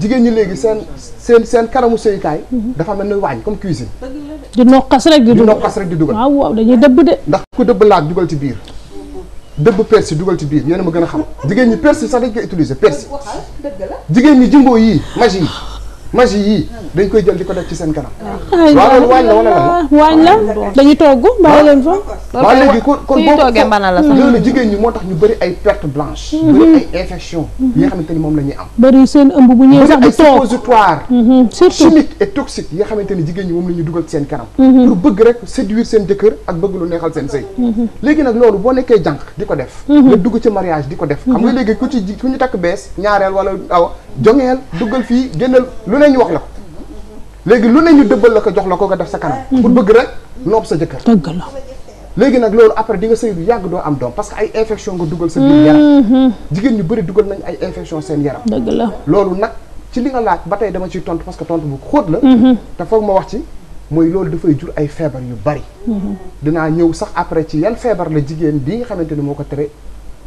jigéen ñi léegi seen seen seen kanamu sëykaay mhm. dafa mel ni waañ comme cuisine di nokkas rek di nokkas rek di dugal waaw waaw dañuy dëbb de ndax ku dëbb laaj dugal ci biir dëbb persil dugal ci biir ñoo ne ma gën a xam jigéen ñi persil sax dañ koy utiliser persil jigéen ñi jimbo yii magie yi magie yii dañ koy jël di ko def ci seen kanam. waaw loolu waañ la wala lan la waañ la dañu togg bàyyi leen fa. waaw léegi kon kon boo toogee mbana la sax loolu jigéen ñi moo tax ñu bëri ay perte blanche. Mhm. bëri ay moom la ñuy am. bëri seen ëmb bu ñëwee sax di toog ay mhm, nga xamante ni jigéen ñi moom la ñuy dugal ci seen kanam. Mhm. pour bëgg rek séduire seen jëkkër ak bëgg lu neexal seen sëy. léegi nag loolu boo nekkee jànq di ko def. nga dugg ci mariage di ko def. xam nga léegi ku ci ku ñu takk bees ñaareel wala aw joŋeel dugal fii génnal lu ne ñu wax la ko léegi lu ne ñu dëbbal la ko jox la ko nga def sa kanam. Mhm. pour bëgg rek noob sa jëkkër. dëgg la léegi nag loolu après di nga sëy du yàgg doo am doom parce que ay infection nga dugal sa biir yaram. Mhm. jigéen ñu bëri dugal nañ ay infection seen yaram. dëgg la loolu nag ci li nga laaj ba tey dama ciy tontu parce que tontu bu xóot la. Mhm. te foog ma wax ci. mooy loolu dafay jur ay feebar yu bari. dinaa ñëw sax après ci yan feebar la jigéen bi xamante ni moo ko tere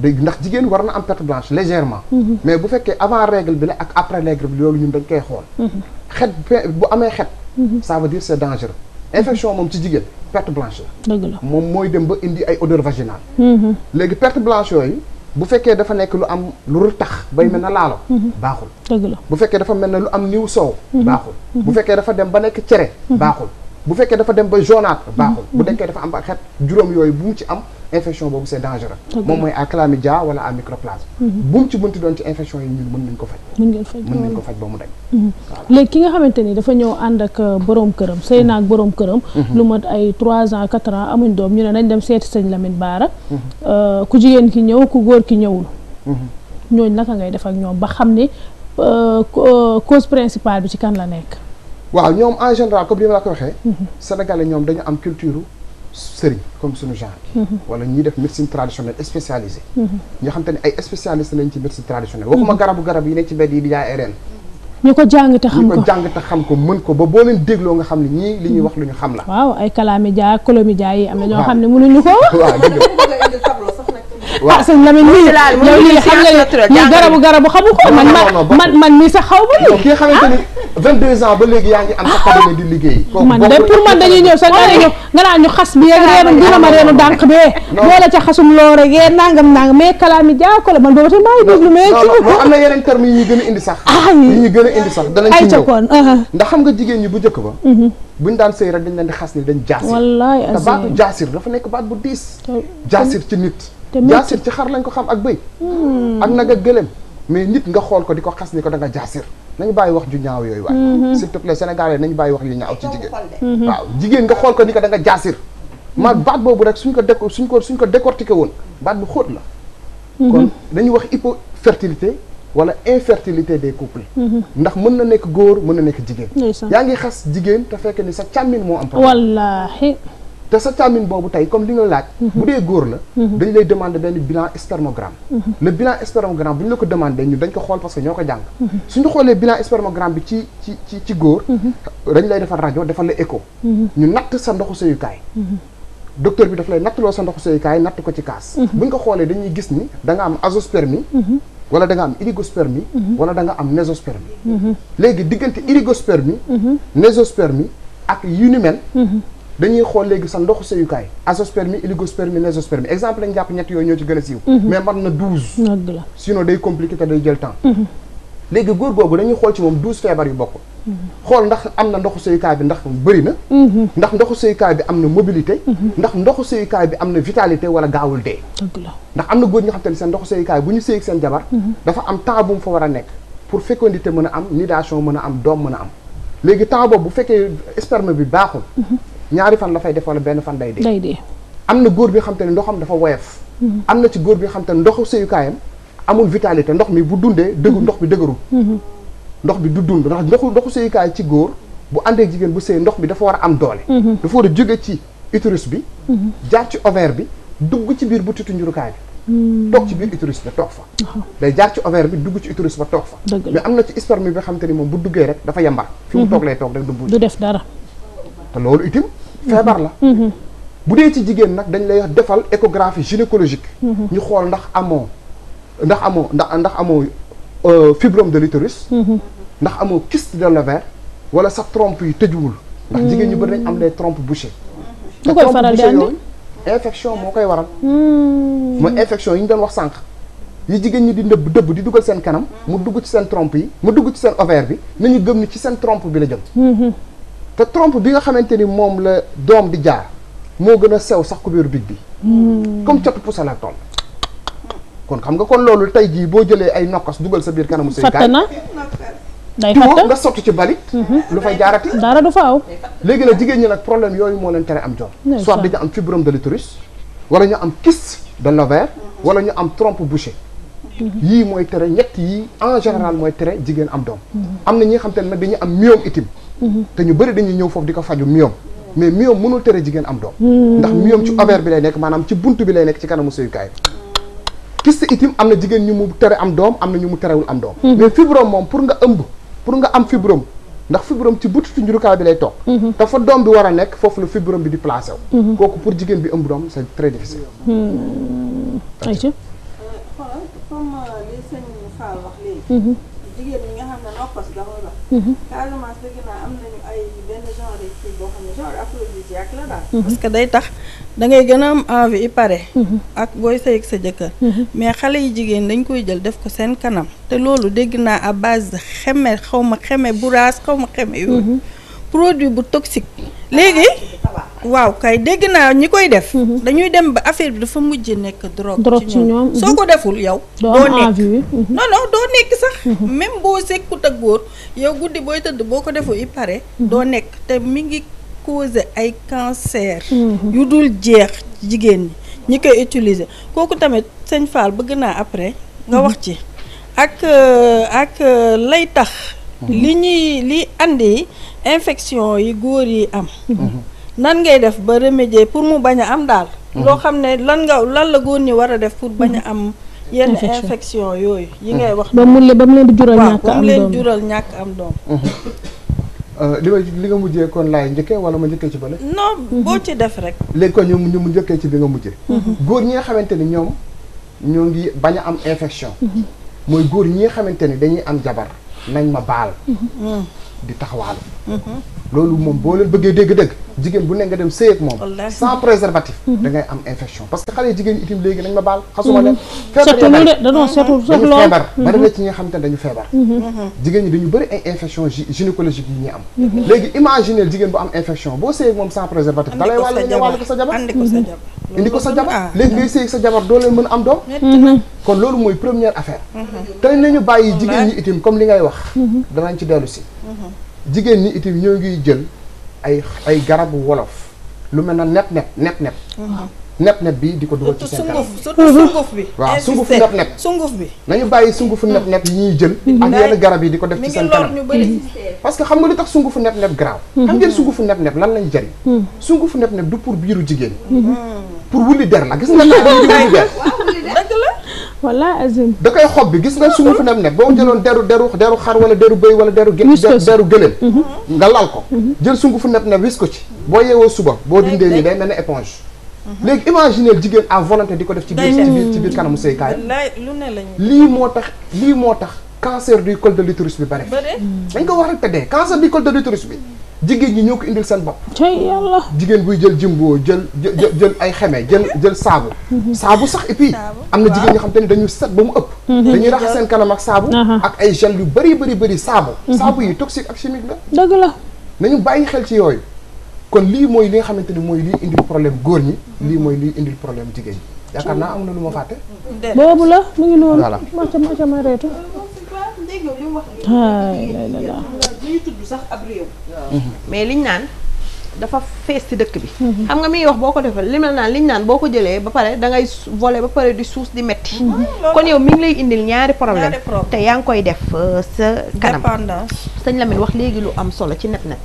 dégg ndax jigen war na am perte blanche légèrement. Mhm. mais bu fekkee avant règle bi la ak après règle bi loolu ñun dañ koy xool. Mhm. xet bu amé xet. Mhm. ça veut dire c'est dangereux. infection mom ci jigen perte blanche la. dëgg la moom mooy dem ba indi ay odeur vaginale. légui perte blanche yooyu. bu fekkee dafa nek lu am lu rutax bay melna lalo baxul baaxul la bu fekkee dafa melna lu am niw soow baxul bu fekkee dafa dem ba nek cere baxul bu fekkee dafa dem ba jonaat baxul bu denkee dafa am ba xet juróom yoy bu mu ci am infection boobu c'est dangereux. moom mooy à chlamydia wala à mycoplasme. Mhm. bu mu ci mënti doon ci infection yi ñun mun nañ ko faj. mën ngeen faj mën ko faj ba mu dañ. Mhm. léegi ki nga xamante ni dafa ñëw ànd ak euh, borom këram sëy na ak mhm. borom këram. lu mat ay trois ans 4 ans amuñ doom ñu ne nañ dem seeti sëñ Lamine Baara. Euh, ku jigéen ki ñëw ku góor ki ñëwul. ñooñ naka ngay def ak ñoom ba xam ni euh, cause principale bi ci kan la nekk. waaw ñoom en général comme ni ma ñoom dañu am culture. sëriñ comme suñu genre bi wala ñuy def médecine traditionnelle spécialisée ñoo xam te ne ay spécialiste lañ ci médecine traditionnelle waxuma garabu garab yi ne ci mbedd yi di jaay RN ñu ko jàng ko jàng te xam ko mën ko ba boo leen dégloo nga xam ne ñii li ñu wax lu ñu xam la waaw ay kalaamidia kolomidia yi am na ñoo xam ne mënuñu ko waaw [laughs] ah, sëñ Lamine nii yow lii xam nga ne lii garabu garabu xamu ko man man man mii sax xaw ma lii 22 ans ba léegi yaa ngi am sa ah, cabinet ah. di liggéey. man de pour man dañuy ñëw sax ñëw nga naan ñu xas bi yeeg reenu dina ma reenu dànq bee. boo la ca xasum loore gee eh, nangam nangam mais kalaami jaako la man boobu tamit maa ngi déglu mais. non am na yeneen yi ñuy gën a indi sax. yi ñuy gën indi sax danañ ci uh-huh. xam nga jigéen ñi bu njëkk ba. Mm-hmm. buñ daan sëy rek dañ leen di xas ni dañ jaasir. wallaay te baatu dafa nekk baat bu diis. jaasir ci nit. jaasir ci xar lañ ko xam ak bëy hmm. ak nag ak gëlem mais nit nga xool ko di ko xas ni ko danga nga jaasir nañu bàyyi wax ju ñaaw yooyu waay mhm. s'il te plaît sénégalais nañu bàyyi wax yu ñaaw ci jigéen mhm. waaw jigéen nga xool ko ni ko da nga jaasir mhm. ma baat boobu rek suñ ko dé suñ ko suñ ko décortiqué woon baat bu xóot la kon dañuy wax fertilité wala infertilité des couples ndax mën na nekk góor mën na nekk jigéen yaa ngi xas jigéen te fekk ni sa càmmin moo am problème wallaahi te sa càmmiñ boobu tey comme li nga laaj. Mhm. bu dee góor la. Mhm. dañ lay demander benn bilan spermogramme. Mhm. le bilan spermogramme bu ñu la ko demandé ñu dañ ko xool parce que ñoo ko jàng. suñu xoolee bilan spermogramme bi ci ci ci ci góor. dañ lay defal rajo defal la écho. ñu natt sa ndoxu seyukaay docteur bi daf lay nattuloo sa ndoxu sëyukaay natt ko ci kaas. bu ñu ko xoolee dañuy gis ni danga am azoospermie. wala da nga am oligospermie. wala danga am nésospermie. léegi diggante oligospermie. nésospermie ak yu ni dañuy xool léegi sa ndoxu seyukaay azoospermie oligospermie nésospermie exemple lañ jàpp ñett yooyu ñoo ci gën a siiw mhm. mais mat na douze sinon day compliqué te jël temps mhm. léegi góor googu dañuy xool ci moom douze feebar yu bokk mhm. xool ndax am na ndoxu seyukaay bi ndax bëri na ndax ndoxu seyukaay bi am na mobilité ndax ndoxu seyukaay bi am na vitalité wala gaawul dee ndax am na góor ñoo xam ndoxu seyukaay bu ñu séy seen jabar dafa am temps bu mu fa war a nekk pour fécondité mën a am nidation mën a am doom mën a am léegi temps boobu bu fekkee sperme bi baaxul ñaari fan la fay def wala benn fan day dee. day am na góor bi xam te ne ndoxam dafa woyof. Hmm. am na ci góor bi xam te ne ndoxu sëyukaayam amul vitalité ndox mi bu dundee. dëggu hmm. ndox bi dëgëru. Hmm. ndox bi du dund ndax ndoxu ndoxu sëyukaay ci góor bu àndeek jigéen bu sëy ndox bi dafa war a am doole. dafa war a jóge ci utérus bi. jaar ci ovaire bi dugg ci biir butitu njurukaay bi. toog ci biir utérus ba toog fa. day jaar ci ovaire bi dugg ci utérus ba toog fa. mais am na ci sperme bi nga xamante ni moom bu duggee rek dafa yambar. fi mu toog lay toog rek du. du def dara. te loolu itam feebar la mhm. bu dee ci jigen nak dañ lay wax défal échographie gynécologique mhm. ñu xol ndax amo ndax amo ndax amo amoo euh, fibrome de l'utérus mhm. ndax amo kyste de l'ovaire wala sa trompe yi tëjuwul ndax jigen ñu bëri am les trompes bouchées te trompe bouchée yooyu infection mo koy waral hmm. mo infection yi ñu doon wax sank yi jigen ñi di ndëbb dëbb di duggal sen kanam mu dugg ci sen trompe yi mu dugg ci sen ovaire bi nañu gëm ni ci sen trompe bi la jëm te trompe bi nga xamante ni moom la doom di jaar moo gën a sew sax ku biir big bi hmm. comme catu pusa la toll kon xam nga kon loolu tey jii boo jëlee ay nokkas dugal sa biir kanamu say fatt na day fatt nga sotti ci balit hmm. lu fay jaarati dara du faaw léegi nag jigéen ñi nag problème yooyu moo leen tere am jom soit dañu am fibrome de l'utérus wala ñu am kyste de l'ovaire wala ñu am trompe bouchée yii mooy tere ñett yii en général mooy tere jigéen am doom am na ñi nga te ne nag dañuy am miom itim te ñu bëri dañuy ñëw foofu di ko faju miom mais miom mënul tere jigéen am doom ndax miom ci ovaire bi lay nekk maanaam ci bunt bi lay nekk ci kanamu sëyukaay kiste itim am na jigéen ñu mu tere am doom am na ñu mu terewul am doom mhm. mais fibrome moom pour nga ëmb pour nga am fibrome ndax fibrome ci butitu njurukaay bi lay toog mhm. te fa doom bi war a nekk foofu la fibrome bi di placé wu mhm. kooku pour jigéen bi ëmb doom c'est très difficile hmm. comme euh, li sëñ Fall wax léegi. Mhm. Mhm. Mhm. day tax dangay ngay gën a am envie i pare. ak booy sëy ak sa jëkkër. mais xale yi jigéen dañ koy jël def ko seen kanam te loolu dégg naa à base de xeme xaw ma xeme raas xaw ma xeme yooyu. produit bu toxique léegi waaw kay dégg naa ñi koy def mhm. dañuy dem ba affaire bi dafa mujj nekk drogue ci ñoom soo mhm. ko deful yow doo nekk mhm. non non doo nekk sax même boo sekkut ak góor yow guddi booy tëdd boo ko deful i pare doo nekk te mi ngi causer ay cancer yu dul jeex jigéen ñi ñi koy utiliser kooku tamit sëñ Fall bëgg naa après nga wax ci ak euh, ak euh, lay tax li mhm. ñuy li andi infection yi góor yi am mhm. nan ngay def ba remédier pour mu bañ am daal mhm. loo xam ne lan nga lan la góor ñi war a def pour bañ am yenn infection yooyu yi ngay wax ba mu ba mu leen di jural ñàkk am doom am doom euh, li ma li nga mujjee kon laay njëkkee wala ma njëkkee ci bële non boo ci def rek léegi kon ñu ñu mu njëkkee ci bi nga mujjee góor ñi nga xamante ni ñoom ñoo ngi bañ am infection mooy góor ñi nga xamante ni dañuy am jabar nañ ma baal. Mm-hmm. di taxawaalu. Mm-hmm. loolu moom boo leen bëggee dégg-dëgg jigéen bu ne nga dem sëy ak moom sans préservatif mhm. da ngay am infection parce que xale jigéen itam léegi nañ ma baal mhm. xasuma leen feebar mhm. dañu ci ñi xam te ne dañu feebar jigéen ñi dañu bëri ay infection gynécologique yi ñuy am léegi imaginez jigéen bu am infection boo sëy moom sans préservatif da wàll nga wàll ko sa jabar indi ko sa jabar ah. léegi ngay sëy sa jabar doo mën am doom kon loolu mooy comme li ngay wax danañ ci dellu si jigéen ñi itam ñoo ngi jël ay ay garabu wolof lu mel na net net net net. nepp nepp bi di ko dugal ci seen kanam surtout sunguf bi. waaw sunguf nepp nepp sunguf bi. nañu bàyyi sungufu nepp nepp yi ñuy jël. Mm-hmm. ak yenn garab yi di ko def ci seen kanam mm-hmm. parce que xam nga lu tax sungufu nepp nepp garaaw. Mm-hmm. xam ngeen sungufu nepp nepp lan lay jëriñ. sungufu nepp nepp du pour biiru jigéen. pour wuli der la gis nga. wuli der dëgg la. wallaahi azim da koy xob bi gis nga suufu nam nekk boo jëloon deru deru deru xar wala deru bëy wala deru deru gëlëm nga lal ko jël sungufu nap nap wis ko ci boo yeewoo suba boo dindee nii day mel ne éponge léegi imaginez jigéen à volonté di ko def ci biir ci biir kanamu seykaay lii moo tax lii moo tax cancer du col de l'utérus bi bare dañ ko war a teddee cancer du col de l'utérus bi jigéen ñi ñoo ko indil seen bopp. tey yàlla. jigéen buy jël jimbo jël jël ay xeme jël jël saabu. Mhm. saabu sax et am na jigéen ñoo xam te dañu set ba mu ëpp. Mhm. dañuy raxas seen kanam ak saabu. ak ay gel yu bëri bari bëri saabu. Mhm. saabu yi toxique ak chimique la. dëgg la nañu bàyyi xel ci yooyu. kon lii mooy li nga xamante ni mooy liy indil problème góor ñi. lii mooy liy indil problème jigéen ñi. yaakaar naa am na lu ma fàtte. boobu la mu ngi noonu. voilà ma ma reetu li tudd sax ab réew hmm. mais liñ naan dafa fees ci dëkk bi hmm. xam nga miy wax boo ko defal li ma naan liñ naan boo ko jëlee ba pare dangay ngay ba pare di suus di metti hmm. kon yow mi ngi lay indil ñaari problème te yaa ngi koy def euh, sa kanam sañ Lamine wax léegi lu am solo ci nep-nep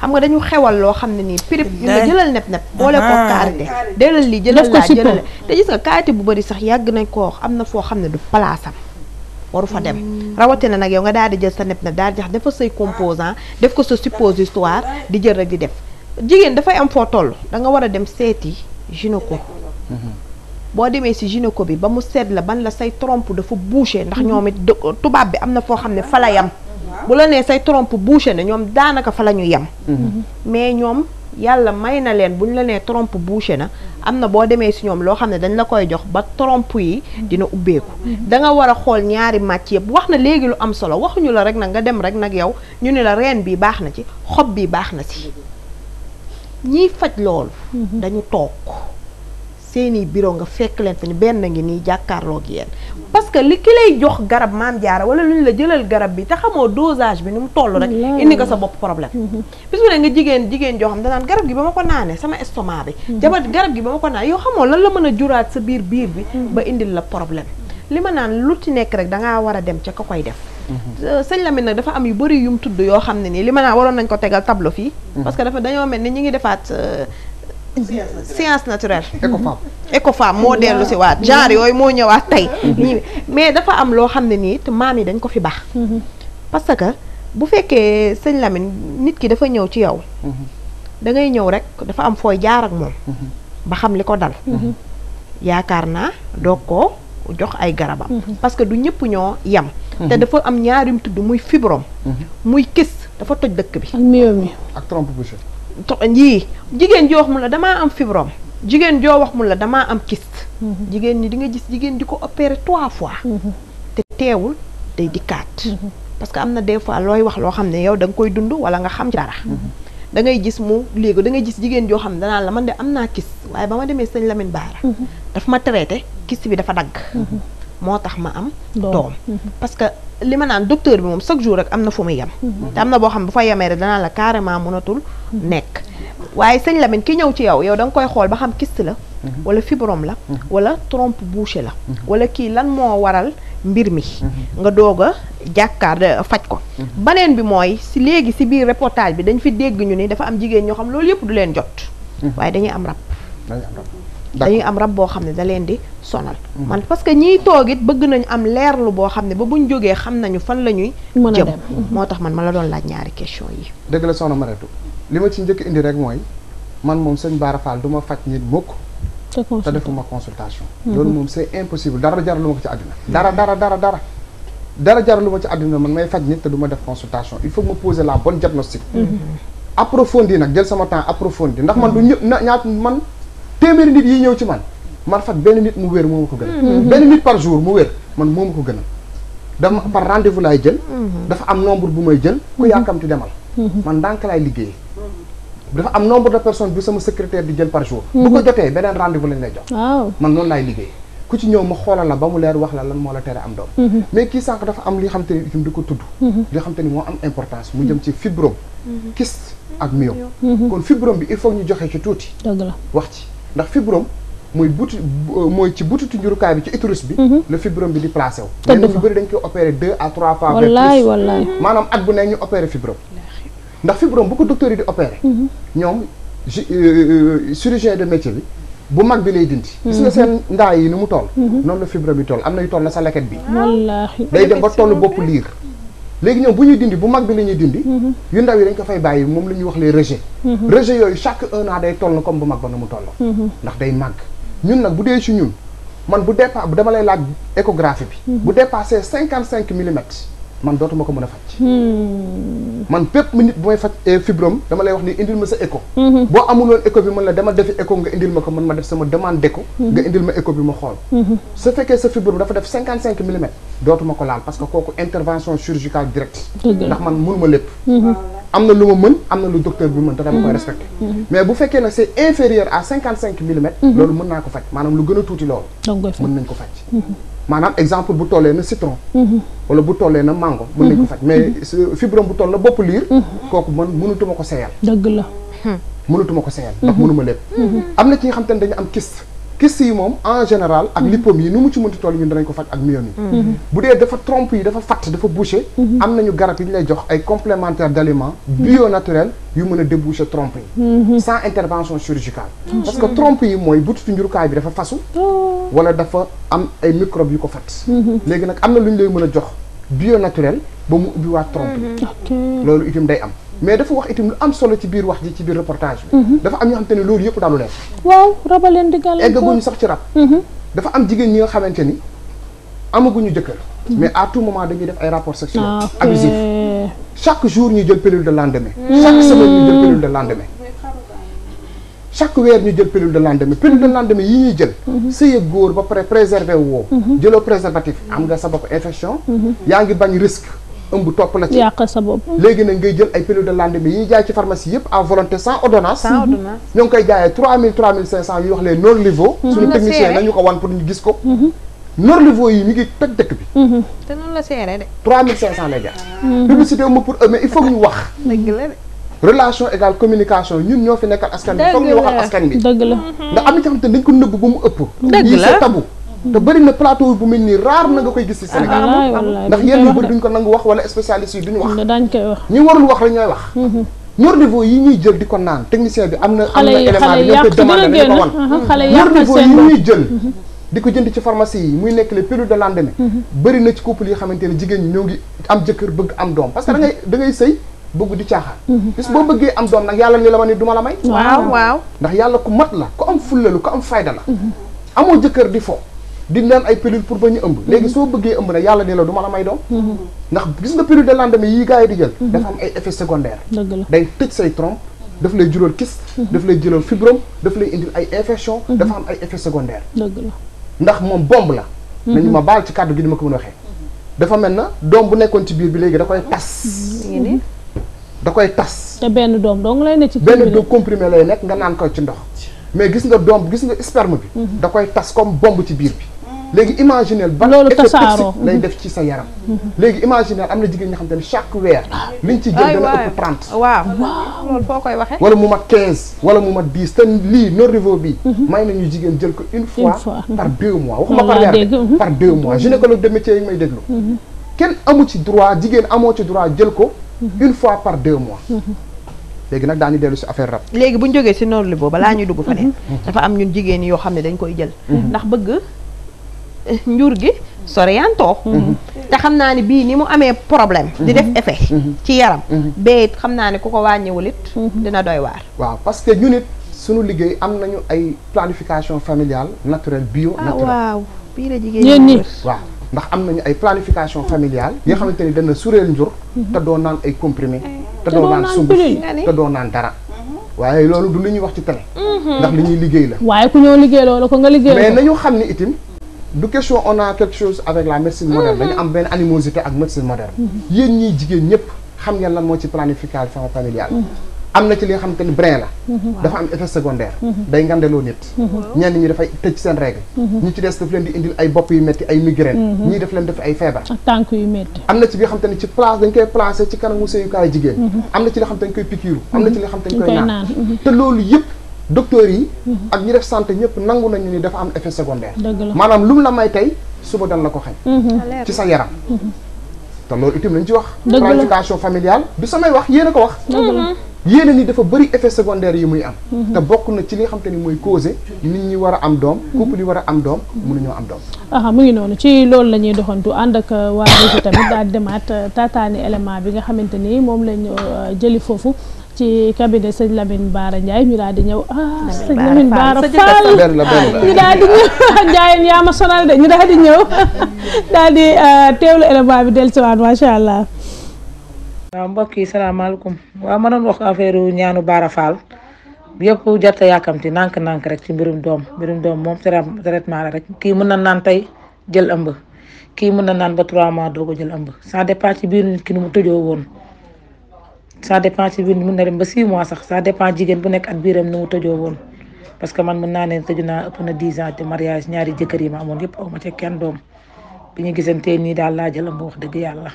xam nga dañu xewal loo xam ne nii pirip ñu nga jëlal nepp nepp boole ko kaarite jëlal lii jëlal laa jëlal te gis nga kaarite bu bari sax yàgg nañ ko am na foo xam ne du palaasam waru fa dem rawatina nag yow nga daal di jël sa neb na daal jax dafa say composant def ko sa suppositoire di jël rek di def jigéen dafay am foo toll da nga war a dem seeti gynéco boo demee si gynéco bi ba mu seet la ban la say trompe dafa bouché ndax ñoom it tubaab bi am na foo xam ne fa la yam bu la nee say trompe bouché na ñoom daanaka fa la ñu yem mhm. mais ñoom yàlla may na leen bu ñu la nee trompe bouchée na am na boo demee si ñoom loo xam ne dañ la koy jox ba trompe yi dina ubbeeku mm-hmm. danga war a xool ñaari màcc yëpp wax na léegi lu am solo waxuñu la rek nag nga dem rek nag yow ñu ne la reen bi baax na ci xob bi baax na ci ñiy faj loolu mm-hmm. dañu toog seeni bureau nga fekk leen fa ni benn ngi nii jàkkaarloo ak parce que li ki lay jox garab maam jaara wala lu ñu la jëlal garab bi te xamoo dosage bi nu mu toll rek indi nga sa bopp problème mhm. bis mu nga jigéen jigéen joo xam danaan garab gi ba ma ko naanee sama estomac bi mhm. jabar garab gi ba ma ko naanee yow xamoo lan la mën a juraat sa biir biir bi mhm. ba indil la problème li ma naan lu ci nekk rek dangaa war a dem ca ka koy def la euh, Lamine nag dafa am yu bëri yum tudd yoo xam ne nii li ma naan waroon nañ ko tegal tableau fii parce que dafa dañoo mel ni ñi ngi defaat euh, science naturelle écofam mhm. écofam moo dellu si waat mhm. genre yooyu moo ñëwaat tey mhm. mais dafa am loo xam ne nii it maam yi dañ ko fi baax parce que bu fekkee sëñ Lamine nit ki dafa ñëw ci yow dangay ñëw rek dafa am fooy jaar ak moom ba xam li ko dal yaakaar naa doog koo jox ay garabam parce que du ñëpp ñoo yem te dafa am ñaarim tudd muy fibrom muy kis dafa toj dëkk bi ak trompe-bouchée yii jigéen joo wax mu la damaa am fibrome jigéen joo wax mu la damaa am kyste mhm. jigéen ñi di nga gis jigéen di ko opéré trois fois mhm. te teewul day dikkaat mhm. parce que am na des fois looy wax loo xam ne yow da nga koy dund wala nga xam ci dara da ngay gis mu léegi da ngay gis jigéen joo xam ne danaa la man de am naa kyste waaye ba ma demee sëñ lamin Baara daf ma traité kist bi dafa dagg motax ma am dom parce que li ma naan docteur bi mom chaque jour rek amna fumu yam amna bo xam bu fa yamé rek danaa la carrément monatul nek waye sëñ Lamine ki ñëw ci yow yow dang koy xol ba xam kyste la wala fibrom la wala trompe bouché la wala ki lan mo waral mbir mi nga doga jakar jàkkaar faj ko banen bi moy si léegi si biir reportage bi dañ fi deg ñu ni dafa am jigéen ñoo xam lool yëpp du len jot waye dañuy am rap dañuy am rab boo xam ne da leen di sonal mhm. man parce que ñiy toog it bëgg nañu am leerlu boo xam ne ba ñu jógee xam nañu fan la ñuy jëm mhm. moo tax man ma la doon laaj ñaari question yi dëgg la soxna Maratu li ma ci njëkk indi rek mooy man moom sëñ Bara Fall du ma faj nit mukk te defuma consultation mhm. loolu moom c'est impossible dara jaralu ma ko ci àddina dara dara dara dara dara jaralu ma ci àddina man may faj nit te du ma def consultation il faut que ma poser la bonne diagnostic approfondi nag jël sama temps approfondi ndax man du ñëpp na man téméré nit yi ñëw ci man man fa benn nit mu wër moo ko gënal. Mhm. benn nit par jour mu wër man moo ko gënal. dama par rendez-vous lay jël. Mhm. dafa am nombre bu may jël. ku mhm. yàkkamti demal. man dank lay liggéey. dafa am nombre de personnes bu sama secrétaire di jël par jour. bu ko jotté beneen rendez-vous lañ lay jox. man non lay liggéey. ku ci ñëw ma xolal la ba mu leer wax la lan mo la téré am doom. mais ki sank dafa am li xam te ni itam li xam te am importance mu jëm ci fibrome. kiss ak mio kon fibrom bi il faut ñu joxé ci touti deug la wax ci. ndax fibrome mooy buti euh, mooy ci butitu njurukaay bi ci utérus bi. Mhm. la fibrome bi di placé wu. tëdd fa mais bëri dañ koy opéré deux à trois fois. wallaay mhm. maanaam at bu ne ñu opéré fibrome. ndax fibrome bu ko docteur yi di opéré. Mhm. ñoom euh, euh, chirurgien de métier bi. bu mag bi lay dindi. gis nga seen ndaa yi ni mu toll. noonu la fibrome bi toll am na yu toll na sa leket bi. wallaahi day dem ba toll bopp liir. Les gens qui ont dindi bu mag bi se faire, dindi mhm. yu ndaw des dañ les rejets mhm. chaque un a day toll comme bu mag ba Ils mu fait mhm. ndax day ñun fait bu ñun man bu dépa man dootuma ko mën a faj. Hmm. man bépp nit bu may faj fibrom dama lay wax ni indil ma sa écho. Hmm. boo amuloon écho bi man la dama defi écho nga indil ma ko man ma def sama demande ko hmm. nga indil ma écho bi ma xool. su fekkee sa fibrom dafa def cinquante cinq millimètres dootuma ko laal parce que kooku intervention chirurgicale directe. ndax man mënuma lépp. am na lu ma mën am na lu docteur bi mën te dama koy respecté. mais bu fekkee nag c'est inférieur à cinquante cinq millimètres. loolu mën naa ko faj maanaam lu gën a tuuti loolu. ko faj. maanaam exemple bu tollee na citron. Mhm. wala bu tollee na mango. mën nañ ko mhm. faj mais fibrom bu toll na bopp liir. Mhm. kooku mën mënatuma ko seeyal. dëgg la. mënatuma ko seeyal. ndax mënuma lépp. am na ci nga xam ne dañu am kyste. kyste yi moom en général ak mm-hmm. lipom yi nu mu ci mënti toll ñun danañ ko faj ak miyoon yi mm-hmm. bu dee dafa trompe yi dafa fatt dafa bouché mm-hmm. am nañu garab yi ñu lay jox ay complémentaire d' bio naturel yu mën a débouché trompe yi sans intervention chirurgicale parce que trompe yi mooy butitu njurukaay bi dafa fasu oh. wala dafa am ay microbes yu ko fatt léegi nag am na lu ñu lay mën jox bio naturel ba mu ubbiwaat trompe yi loolu itam day am mais dafa wax itam lu am solo ci biir wax ji ci biir reportage bi. Mhm. dafa am ñoo xamante ne loolu yëpp daanu leen. waaw raba leen di gàllankoor sax ci rab. Mhm. dafa am jigéen ñi nga xamanteni amaguñu jëkkër. Mhm. mais à tout moment dañuy def ay rapports sexuels ah, abusifs chaque jour ñu jël pilule de lendemain. chaque semaine ñu jël pilule de lendemain. chaque weer ñu jël pilule de lendemain pilule de lendemain yi ñuy jël. sëye góor ba pare préserver woo. jëloo préservatif am nga sa bopp infection. yaa ngi bañ risque ëmb top la ci yàq sa bopp. léegi nag ngay jël ay pilule de lendemain yi ñuy jaay ci pharmacie yépp à volonté sans ordonnance. sans ordonnance ñoo koy jaayee 3000 3500 yu wax les non niveau. suñu technicien nañu ko wan pour ñu gis ko. Mhm. Norlivo yi mi ngi tek tek bi. Mhm. té noonu la seeree dé 3500 lay jar. Ah. Mhm. publicité wu ma pour eux mais il faut ñu wax. dëgg la de. relation égale communication ñun ñoo fi nekkal askan bi. dëgg la foog ñu waxal askan bi. dëgg la ndax am ci xam dañ ko neub bu mu ëpp. dëgg la c'est tabou. te bari na plateau bu melni rare na nga koy giss ci ah, Sénégal ndax yeen yu bari duñ ko nang wax wala spécialiste yi duñ wax dañ koy wax ñi warul wax lañ ñooy wax mhm. ñor niveau yi ñi jël diko ko naan technicien bi amna amna élément yi ñu ko demandé ñu ko won ñor niveau yi ñi jël mhm. diko jënd ci pharmacie yi muy nekk le pilule de lendemain mhm. bari na ci couple yi xamanteni ne jigéen ñi ñoo am jëkkeur bëgg am doom parce que da ngay da ngay sey bëgg di caaxaan bis bo bëggé am doom nak yalla ñu la wone duma la may waaw waaw ndax yalla ku mat la ku am fullalu ku am fayda la amo jëkkeur di fo di naan ay pilule pour bañu a ëmb léegi soo bëggee ëmb nag yàlla ne la la may doom ndax gis nga pilule de lendemain yi gaay di jël mhm. dafa am ay effets secondaires day tecc say trompe daf lay jurool kiss mhm. daf lay jëlal fibrom daf lay indil ay infection mhm. dafa am ay effets secondaires ndax mom bombe la nañu ma baal ci cadre gi dama ko mëna waxé dafa melna dom bu nekkon ci biir bi léegi da koy tas da koy tas té benn do nga lay ne ci benn do comprimé lay nek nga nan ko ci ndox mais gis nga dom gis nga sperme bi da koy tas comme bombe ci biir bi léegi imaginel ban effet toxique lay def ci sa yaram mm-hmm. léegi imaginel am na jigéen ñoo xam te ne chaque weer liñ ci jël dana ëpp trente waaw loolu foo koy waxee wala mu ma quinze wala mu mat dix te lii Norivo bi mm-hmm. may na ñu jigéen jël ko une fois mm-hmm. par deux mois waxuma par weer par deux mois gynécologue de métier yi may déglu kenn amu ci droit jigéen amoo ci droit jël ko une fois par deux mois léegi nag daañu dellu si affaire rab léegi bu ñu jógee si Norivo balaa ñuy dugg fa ne dafa am ñun jigéen yoo xam ne dañ koy jël ndax bëgg njur gi soreyantoo mhm. te xam naa ne bii ni mu amee problème di def effet mhm. Mhm. ci yaram béyit xam naa ne ku ko wàññiwul it dina doy waar waaw parce que ñun it suñu liggéey am na ñu ay planification familiale naturelle bio ah, naturelle waaw bii la jigéen ñi waaw ndax am nañu ay planification familiale yoo xamante ni dana sureel njur te doo naan ay comprimé eh, te doo naan sunguf te doo naan dara waaye loolu du li ñuy wax ci télé ndax li ñuy liggéey la waaye ku ko nga liggéey mais nañu xam ni itim du question on a quelque chose avec la médecine moderne mhm. dañu am benn animosité ak médecine moderne mhm. yéen ñii jigéen ñëpp xam ngeen lan moo ci planification familiale mhm. am na ci li nga xamante ni brin la dafa am effet secondaire day ngandeloo nit ñenn ñi seen règle ñi ci des daf leen di ay bopp yu métti ay migraine ñii daf leen def ay feebar tànk yu métti na ci nga xamante ni ci place dañ koy placé ci kanamu sëyukaayu jigéen am na ci li nga xamante ni koy piqûre am na ci li nga xamante ni koy naan te loolu yëpp docteur yi. Mhm. ak ñu def santé ñëpp nangu nañu ni dafa am effet secondaire. maanaam lu mu la may tey suba dan na ko xañ. Mhm. ci sa yaram. Mhm. te loolu itam lañ ci wax. planification familiale bi samay wax yéen a ko wax. yéene ni dafa bëri effet secondaire yi muy am. te bokk na ci li xam te ni mooy causé nit ñi war a am doom. couple yi war a am doom mënuñoo am doom. aha mu ngi noonu ci loolu la ñuy doxantu ànd ak euh, waa tamit daal demaat euh, taataani élément bi nga xamante ni moom lañ euh, jëli foofu. ci cabinet seigne Lamine Bara Ndiaye ñu daal di ñew ah seigne Lamine Bara Fall ñu daal di ñew [laughs] Ndiaye yaa ma sonal de ñu daal di ñew [laughs] daal di euh, tewlu element bi dellu si waat macha allah. waaw mbokk yi alaykum wa ma doon wax affaireu ñaanu Bara Fall yëpp jarta yakamti nank nank rek ci mbirum dom mbirum doom moom traitement la rek ki mëna nan tay jël ëmb ki mëna nan ba 3 mois dogo jël ëmb ça dépend ci biir nit ki nu mu tëjoo woon. ça dépend ci biir mën na dem ba 6 mois sax ça dépend jigéen bu nekk at nu mu tëjoo woon parce que man mën naa ne tëju naa ëpp na 10 ans de mariage ñaari jëkkër yi ma amoon yëpp aw ma kenn doom bi ñu gisantee nii daal laa jël ba wax dëgg yàlla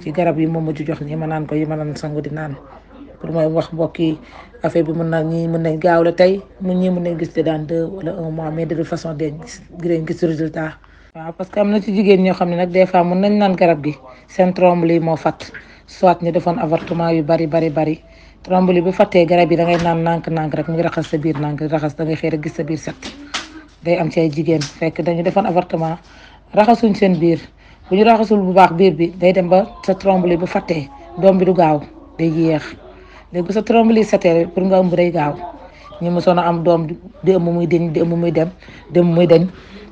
ci garab yi moom ma jox nii ma naan di naan pour mooy wax mbokk yi affaire bi mën na mën nañ gaaw la tey mu ñii mën nañ gis te daan deux wala mois mais de toute façon de gis dinañ gis résultat. waaw parce que am na ci jigéen ñoo xam ne nag des fois mën nañ naan garab gi seen trompe lii moo fat soit ñu defoon avortement yu bari bari bari tromboli bu fattee gara yi da ngay naan nànk-nànk rek mu ngi raxas sa biir nànk raxas da ngay xëy rek gis sa biir set day am ci ay jigéen fekk dañu defoon avortement raxasuñ seen biir bu ñu raxasul bu baax biir bi day dem ba sa tromboli bu fattee doom bi du gaaw day yéex léegi bu sa tromboli setee pour nga ëmb day gaaw ñu mosoon a am doom di ëmb muy deñ di ëmb muy dem di ëmb muy deñ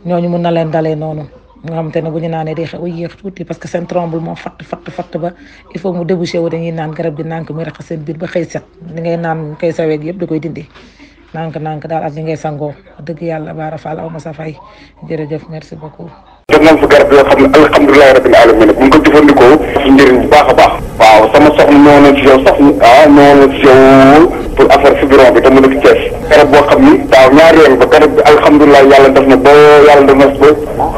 ñooñu mun na leen dalee noonu nga xamante ne bu ñu naanee day xew a yéex tuuti parce que tremble mo fat fat fat ba il faut mu déboucher wu dañuy naan garab gi nank muy raxas sen bir ba xey set ni ngay naan kay sawé yëpp da koy dindi nank nank dal ak ni ngay sango deug yalla baara faal aw ma sa fay jërëjëf merci beaucoup sama soxna yow ah yow pour affaire bi garab bo.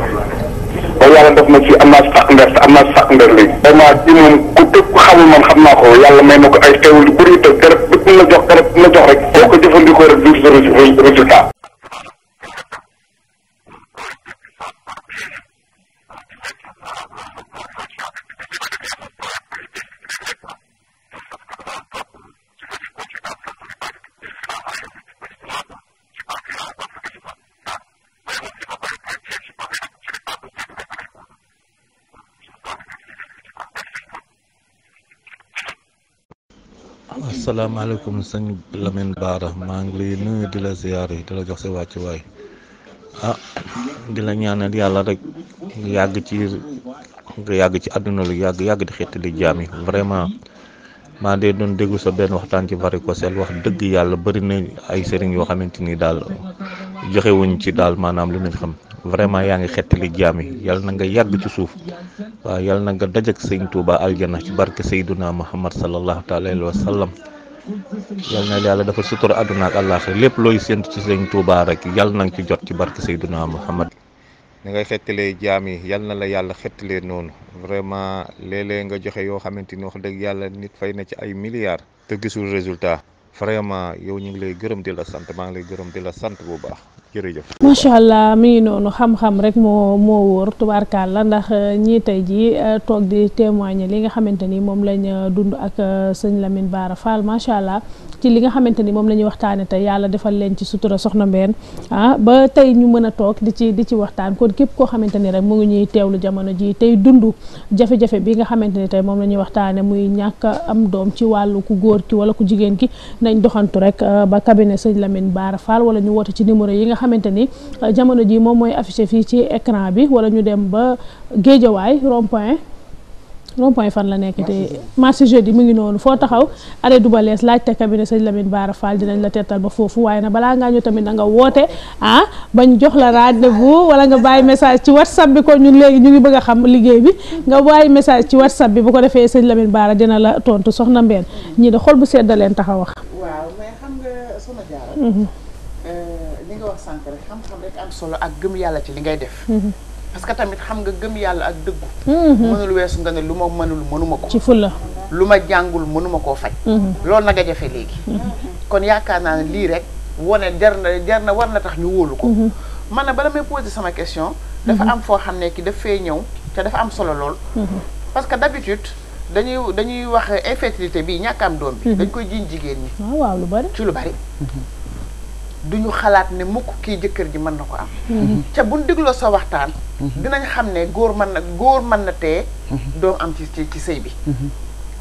ba yàlla def ma ci am naa sàq ndeer am naa sàq ndeer léegi vraiment ci moom ku tëb xamul man xam naa ko yàlla may na ko ay xewul yu bëri te garab bi mu la jox garab bi mu la jox rek boo ko jëfandikoo rek du résultat asalaamaaleykum sañ Lamine Baara maa ngi lay nuyu di la ziyaar yi di la jox wàcc wàccuwaay ah di la ñaanal yàlla rek nga yàgg ci nga yàgg ci àdduna lu yàgg yàgg di xetti di jaam yi vraiment maa dee doon déglu sa benn waxtaan ci varicocèle wax dëgg yàlla bëri na ay sëriñ yoo xamante ni daal joxewuñ ci daal maanaam lu ñu xam. vraiment yaa ngi xettali jaam yi yal na nga yàgg ci suuf waaw yal na nga dajak sëñ Touba aljana ci barke Seyduna Muhammad sallallahu taala alayhi wa sallam yal na yàlla dafa sutura àdduna ak àllaaxira lépp looy séntu ci sëñ Touba rek yal na nga ci jot ci barke Seyduna Muhammad ni ngay xettalee jaam yi yal na la yàlla xettalee noonu vraiment léeg-léeg nga joxe yoo xamante ni wax dëgg yàlla nit fay na ci ay milliards te gisul résultat vraiment yow ñu ngi lay gërëm di sant maa ngi lay gërëm di la sant bu baax. jërëjëf macha allah mi ngi noonu xam-xam rek moo moo wóor tubaarkaal la ndax eh, ñii tey jii eh, toog di témoigner li nga xamante ni moom lañ eh, dund ak sëñ lamin Bara Fall macha allah. ci li nga xamante ni moom la ñuy waxtaane tey yàlla defal leen ci sutura soxna Mbène ah ba tey ñu mën a toog di ci di ci waxtaan kon képp koo xamante ni rek mu ngi ñuy teewlu jamono ji tey dund jafe-jafe nga xamante ni tey moom la ñuy waxtaane muy ñàkk am doom ci wàllu ku góor ki wala ku jigéen ki nañ doxantu rek ah, ba cabinet sëñ Lamine Bara Fall wala ñu woote ci numéro yi nga xamante ni ah, jamono ji moom mooy affiché fii ci écran bi wala ñu dem ba Géejawaay rond rond point fan la nekk te marché jeudi mu ngi noonu foo taxaw arrêt du balees laajte cabinet sëñ Lamine Bara Fall dinañ la tettal ba foofu waaye na balaa ngaa ñu tamit na nga woote ah bañ jox la rendez-vous wala nga bàyyi message ci whatsapp bi kon ñun léegi ñu ngi bëgg a xam liggéey bi nga bàyyi message ci whatsapp bi bu ko defee sëñ Lamine baara dina la tontu soxna Mbène ñii de xol bu sedd leen tax a wax. waaw mais xam nga mhm. euh, wax sànq ak gëm yàlla ci li def. Mhm. parce que tamit xam nga gëm yàlla ak dëggu mhm. mënul weesu nga ne lu ma mënul mënuma ko ci fulla lu ma jàngul mënuma koo faj mhm. loolu nag a jafe léegi mhm. kon yaakaar naa ne lii rek wane jar na jar na war na tax ñu wóolu ko man na bala may poser sama question dafa am foo xam ne ki daf fee ñëw te dafa am solo lool parce que d'habitude dañuy dañuy wax infertilité bi ñàkk am doom bi dañ koy jiiñ jigéen ñi ah, waaw lu bari ci lu bari duñu xalaat ne mukk kii jëkkër ji mën na ko am mhm. ca buñ dégloo sa waxtaan mhm. dinañ xam ne góor mën na góor mën na tee mhm. doom am ci ci sëy bi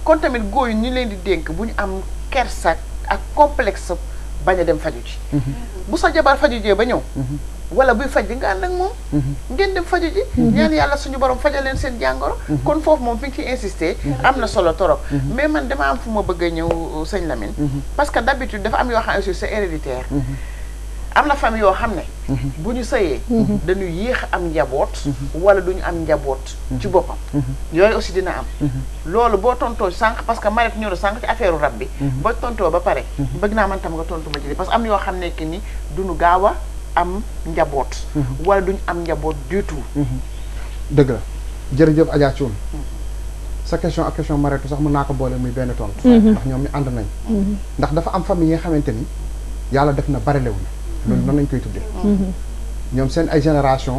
kon tamit góor yi ñu leen di dénk bu ñu am kersak ak complexe bañ a dem faju ji bu sa jabar faju jee ba ñëw wala buy faj nga ànd ak moom. Mhm. ngeen dem faju ji. Mhm. ñaan yàlla suñu borom fajal leen seen jàngoro. Mhm. kon foofu moom fi ñu ci insisté. am na solo mais man dama am fu ma bëgg ñëw euh, sëñ Lamine. parce que d' habitude dafa am yoo xam ne aussi c' am na famille yoo xam ne. bu ñu sëyee. dañuy yéex am njaboot. wala du ñu am njaboot. ci boppam. yooyu aussi dina am. loolu boo tontoo sanq parce que maret ñëw na sànq ci affaire rab bi. boo tontoo ba pare. bëgg naa man tam nga tontu ma ci parce am yoo xam ne que ni duñu gaaw am njaboot. Mhm. wala duñ am njaboot du tout. Mhm. dëgg la jërëjëf Adja Thioune. Mhm. sa question ak question Marietou sax mën naa ko boole muy benn tontu. ndax ñoom ñu ànd nañ. ndax dafa am famille yi nga xamante ni yàlla def na barelewu na. loolu noonu lañ koy tuddee. ñoom seen ay génération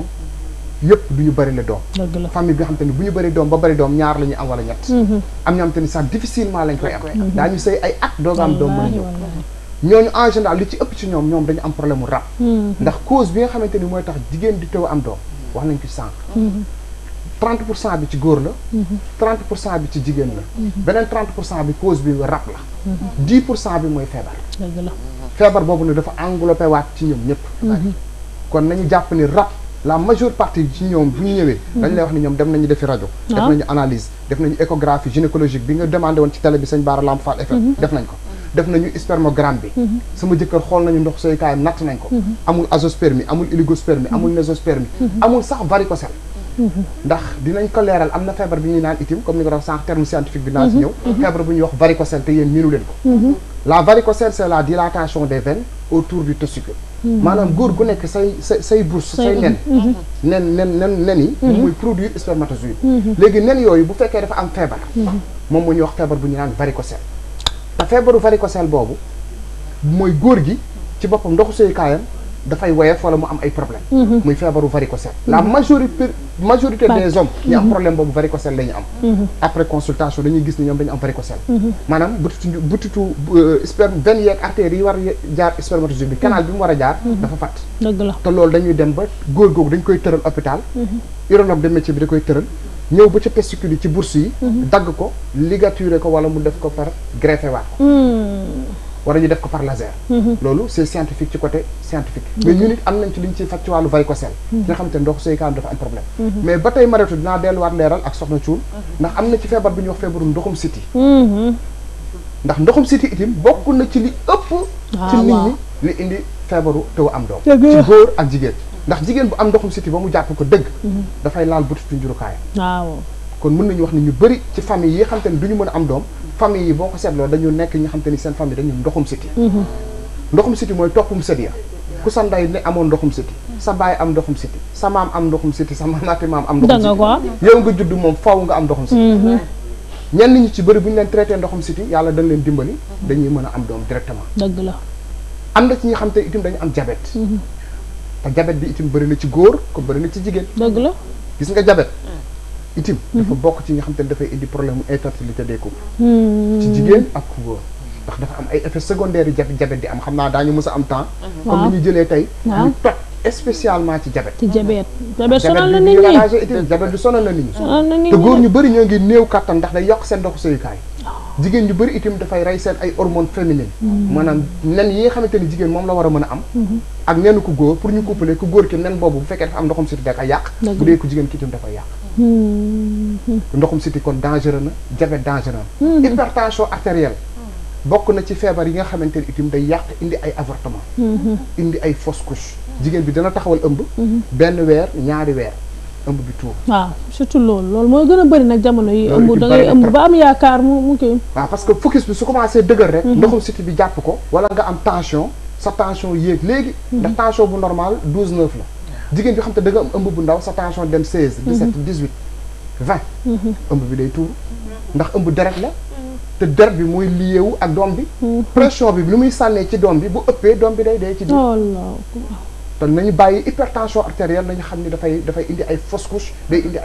yëpp du ñu bëri la doom famille bi xam te ni bu ñu bëri doom ba bari doom ñaar la ñuy am wala ñett am ñoo xam te ni sax difficilement lañ koy am daañu sëy ay at doog am doom mën a ñëw ñooñu en général li ci ëpp ci ñoom ñoom dañu am problème mu rab. Hmm. ndax cause bi nga xamante ni mooy tax jigéen di teew am doom. Hmm. wax nañ ci sànq. 30 hmm. pour cent bi ci góor la. 30 pour cent bi ci jigéen la. beneen 30 pour cent bi cause bi rab la. 10 pour cent bi mooy feebar. dëgg la feebar boobu nag dafa englobé waat ci ñoom ñëpp. kon nañu jàpp ni rab. la majeure partie ci ñoom bu ñu ñëwee. dañ lay wax ni ñoom dem nañu defi rajo. Ah. def nañu analyse def nañu échographie gynécologique bi nga demandé woon ci télé bi sëñ Lam Fall FM. def nañ ko. def nañu spermogramme bi mhm. sama jëkkër xol nañu ndox soy kaayam nat nañ ko mhm. amul azospermie amul oligospermie mhm. amul nésospermie amul sax varicocèle ndax dinañ ko léral amna fièvre bi ñu naan itim comme ni ko wax sànq terme scientifique bi naa ñew fièvre bu ñu wax varicocèle te yeen miinu len ko la varicocèle c'est la dilatation des veines autour du testicule manam góor gu nek say say bourse say nen nen nen nen yi muy produire spermatozoïde légui nen yoyu bu fekkee dafa am fièvre mom mu ñu wax fièvre bu ñu naan varicocèle te ko varicocèle boobu mooy góor gi ci boppam ndoxu sëykaayam dafay woyof wala mu am ay problème mhm. muy feebaru varicocèle la mhm. majorité majorité des hommes ñu am mhm. problème boobu varicocèle la ñu am après consultation dañuy gis ni ñoom dañu am varicocèle maanaam butitu butitu euh, sperme veine yeeg artères yi war a jaar spermatozoïde bi canal bi mu war a jaar dafa fàtt dëgg la te loolu dañuy dem ba góor googu dañ koy tëral hôpital urologue de métier bi da koy tëral ñëw ba ca testicule yi ci bourse yi. Mhm. dagg ko ligature ko wala mu def ko par greffé waat ko. Hmm. wala ñu def ko par laser. Mhm. loolu c' est ci côté scientifique. Mhm. mais ñu am nañ ci liñ ci faj ci wàllu varicocèle. ki nga xamante ne ndox seykaanu dafa am problème. mais ba tey mareetu dinaa delluwaat leeral ak soxna Cuun. ndax am na ci feebar bi ñuy wax feebaru ndoxum siti ndax ndoxum siti itim bokk na ci li ëpp. Ah, li indi feebaru tew am doom. ak jigéen. ndax jigéen bu am ndoxum siti ba mu jàpp ko dëgg mhm. dafay laal bëtutu njurukaayam waaw kon mën nañu wax ni ñu bëri ci famille yi xam te du ñu mën a am doom famille yi boo ko seetloo dañu nekk ñi xam ni seen famille dañu ndoxum siti mhm. ndoxum siti mooy toppum sët ya ku sa ndey ne amoon ndoxum siti sa baay am ndoxum siti sa maam am ndoxum siti sa naati maam am ndoxum siti yow nga judd moom faw nga am ndoxum siti mhm. ñenn ñi ci bëri bu ñu leen traité ndoxum siti yàlla dañ leen dimbali dañuy mën a am doom directement dëgg la am na ci ñi xam te itam dañu am diabète te jabet bi itam bëri na ci góor ko bëri na ci jigéen. dëgg la gis nga jabet. Mm. itim mm-hmm. dafa bokk ci nga xam te ne dafay indi problème infertilité des couples mm. ci jigéen ak góor ndax dafa am ay effets secondaires yu jafe jabet di am xam naa daañu mës a am temps. Mm-hmm. comme ni ñu jëlee tey. ñu toj spécialement ci jabet. ci jabet jabet sonal na nit ñi jabet bi sonal na nit ñi. sonal na nit te góor ñu bëri ñoo ngi néew kattan ndax day yokk seen ndoxu sëyukaay. jigéen ñu bëri itam dafay rey seen ay hormones féminines mm-hmm. maanaam nen yi nga xamante ni jigéen moom la war a mën a am mm-hmm. ak nenu ku góor pour ñu couplé ku góor ki nen boobu bu fekkee dafa am ndoxum siti da ay yàq bu dee ku jigéen ki itam dafay yàq mm-hmm. ndoxum siti kon dangereux na diabète dangereux na hypertension artérielle bokk na ci feebar yi nga xamante ni itam day yàq indi ay avortement indi ay fausse couche jigéen bi dana taxawal ëmb benn weer ñaari weer ëmb bi tuur waaw surtout loolu loolu mooy gën a bëri nag jamono yi ëmb da ngay ëmb ba am yaakaar mu mu kii waaw parce que focus bi su commencé dëgër rek mhm. ndoxum siti bi jàpp ko wala nga am tension sa tension yéeg léegi mhm. ndax tension bu normal douze neuf la jigéen bi xam te da nga am ëmb bu ndaw sa tension dem seize mhm. dix-sept dix-huit vingt ëmb bi day tuur ndax ëmb deret la te deret bi mooy liyeewu ak doom bi pression bi lu muy sànnee ci doom bi bu ëppee doom bi day dee ci biir oh, te nañu bàyyi hypertension artérielle nañu xam ni dafay dafay indi ay fausse couche day indi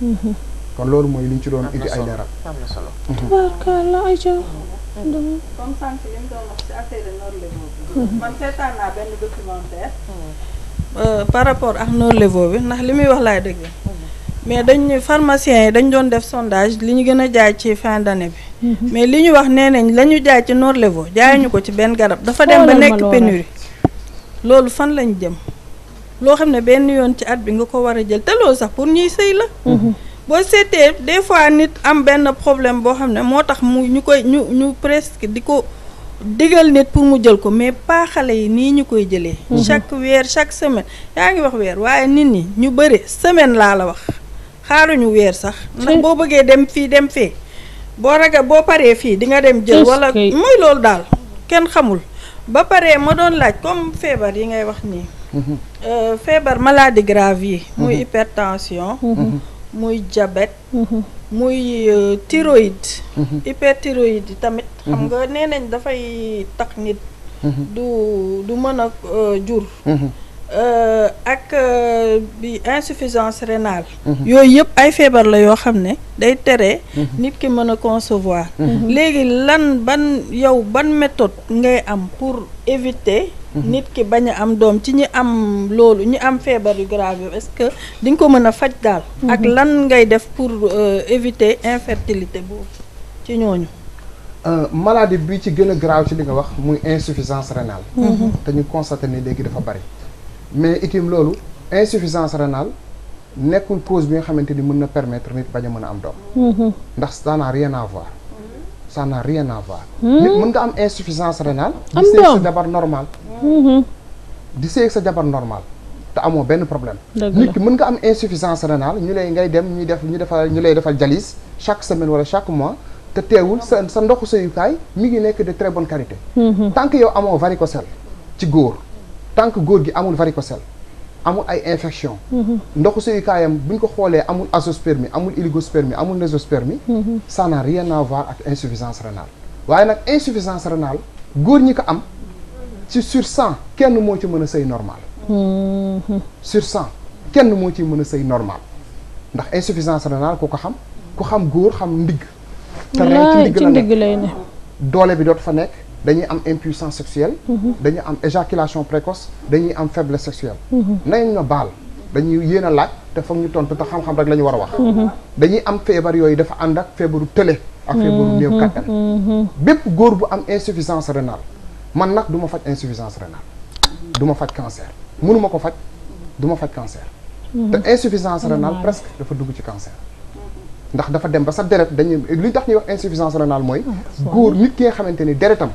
mhm. loolu mooy li ñu am na solo mhm. tubaarkalla Adja mhm. comme sànq li mu doon wax ci affaire Norlevo euh, par rapport ak Norlevo bi ndax li muy wax laa dëgg mais dañ pharmaciens yi dañ doon def sondage li ñu gën a jaay ci fin d'année bi mais li ñu wax nee nañ la ñu jaay ci Norlevo jaayuñu ko ci benn garab dafa dem ba nekk pénurie loolu fan lañ jëm loo xam ne benn yoon ci at bi nga ko war a jël te loolu sax pour ñuy sëy la mhm. boo seetee des fois nit am benn problème boo xam ne moo tax mu ñu koy ñu ñu presque di ko digal nit pour mu jël ko mais paaxale yi nii ñu koy jëlee mhm. chaque weer chaque semaine yaa ngi wax weer waaye nit ñi ñu bëri semaine laa la wax xaaruñu weer sax ndax boo bëggee dem fii dem fee boo ragal boo paree fii di nga dem jël wala mooy loolu daal kenn xamul ba pare ma doon laaj comme feebar yi ngay wax nii. Mhm. Euh, feebar maladie grave yi. Mhm. muy hypertension. Mhm. muy diabète. muy euh, thyroïde. hyperthyroïde yi tamit. xam nga nee nañ dafay tax nit. du du mën a euh, jur. Euh, ak euh, bi insuffisance rénale mhm. yooyu yëpp ay feebar la yoo xam ne day tere mhm. nit ki mën a concevoir mhm. léegi lan ban yow ban méthode ngay am pour éviter nit ki bañ a am doom ci ñi am loolu ñi am feebar yu grave yow est-ce que di nga ko mën a faj daal ak lan ngay def pour euh, éviter infertilité boobu ci ñooñu maladie bi ci gën a ci li nga wax muy insuffisance rénale te ñu constaté ni léegi dafa bari mais itam loolu insuffisance rénale nekul cause bi nga xamanteni ni permettre nit bañ a mën a am mhm. ndax ça n'a rien à voir. ça n'a rien à voir. Mhm. nit mën nga am insuffisance rénale. am c'est di normal hmm normal. di c'est sa jabar normal. ta amo ben problème. nit ki mën nga am insuffisance rénale ñu lay ngay dem ñuy def ñu defal ñu lay defal dialyse chaque semaine wala chaque mois te téwul sa sa ndoxu sëyukaay mi ngi nekk de très bonne qualité. Mhm. tant que yow amo varicocèle ci góor. tant que góor gi amul varicocèle amul ay infection mhm. ndoxu seyukaayam bu ñu ko xoolee amul azoospermie amul oligospermie amul nésospermie mhm. ça n'a rien à voir ak insuffisance rénale waaye nag insuffisance rénale góor ñi ko am ci sur cent kenn moo ci mën a sëy normal mhm. sur cent kenn moo ci mën a sëy normal ndax insuffisance rénale ku ko xam ku xam góor xam ndigg te ci ndigg la ne doole bi doot fa nekk dañuy am impuissance sexuelle mhm. dañuy am éjaculation précoce dañuy am faiblesse sexuelle mhm. nañ ma baal dañuy yéna a laaj te foog ñu tontu té xam-xam rek lañu wara wax mhm. dañuy am fièvre yoy dafa ànd ak feebaru tële ak fièvre néew kàttan bép góor bu am insuffisance rénale man nak duma ma insuffisance rénale duma ma cancer mënu ma ko faj du ma cancer té insuffisance rénale presque dafa dugg ci cancer ndax dafa dem ba sa deret dañuy li tax ñuy wax insuffisance rénale moy ah, góor nit ki nga xamante deretam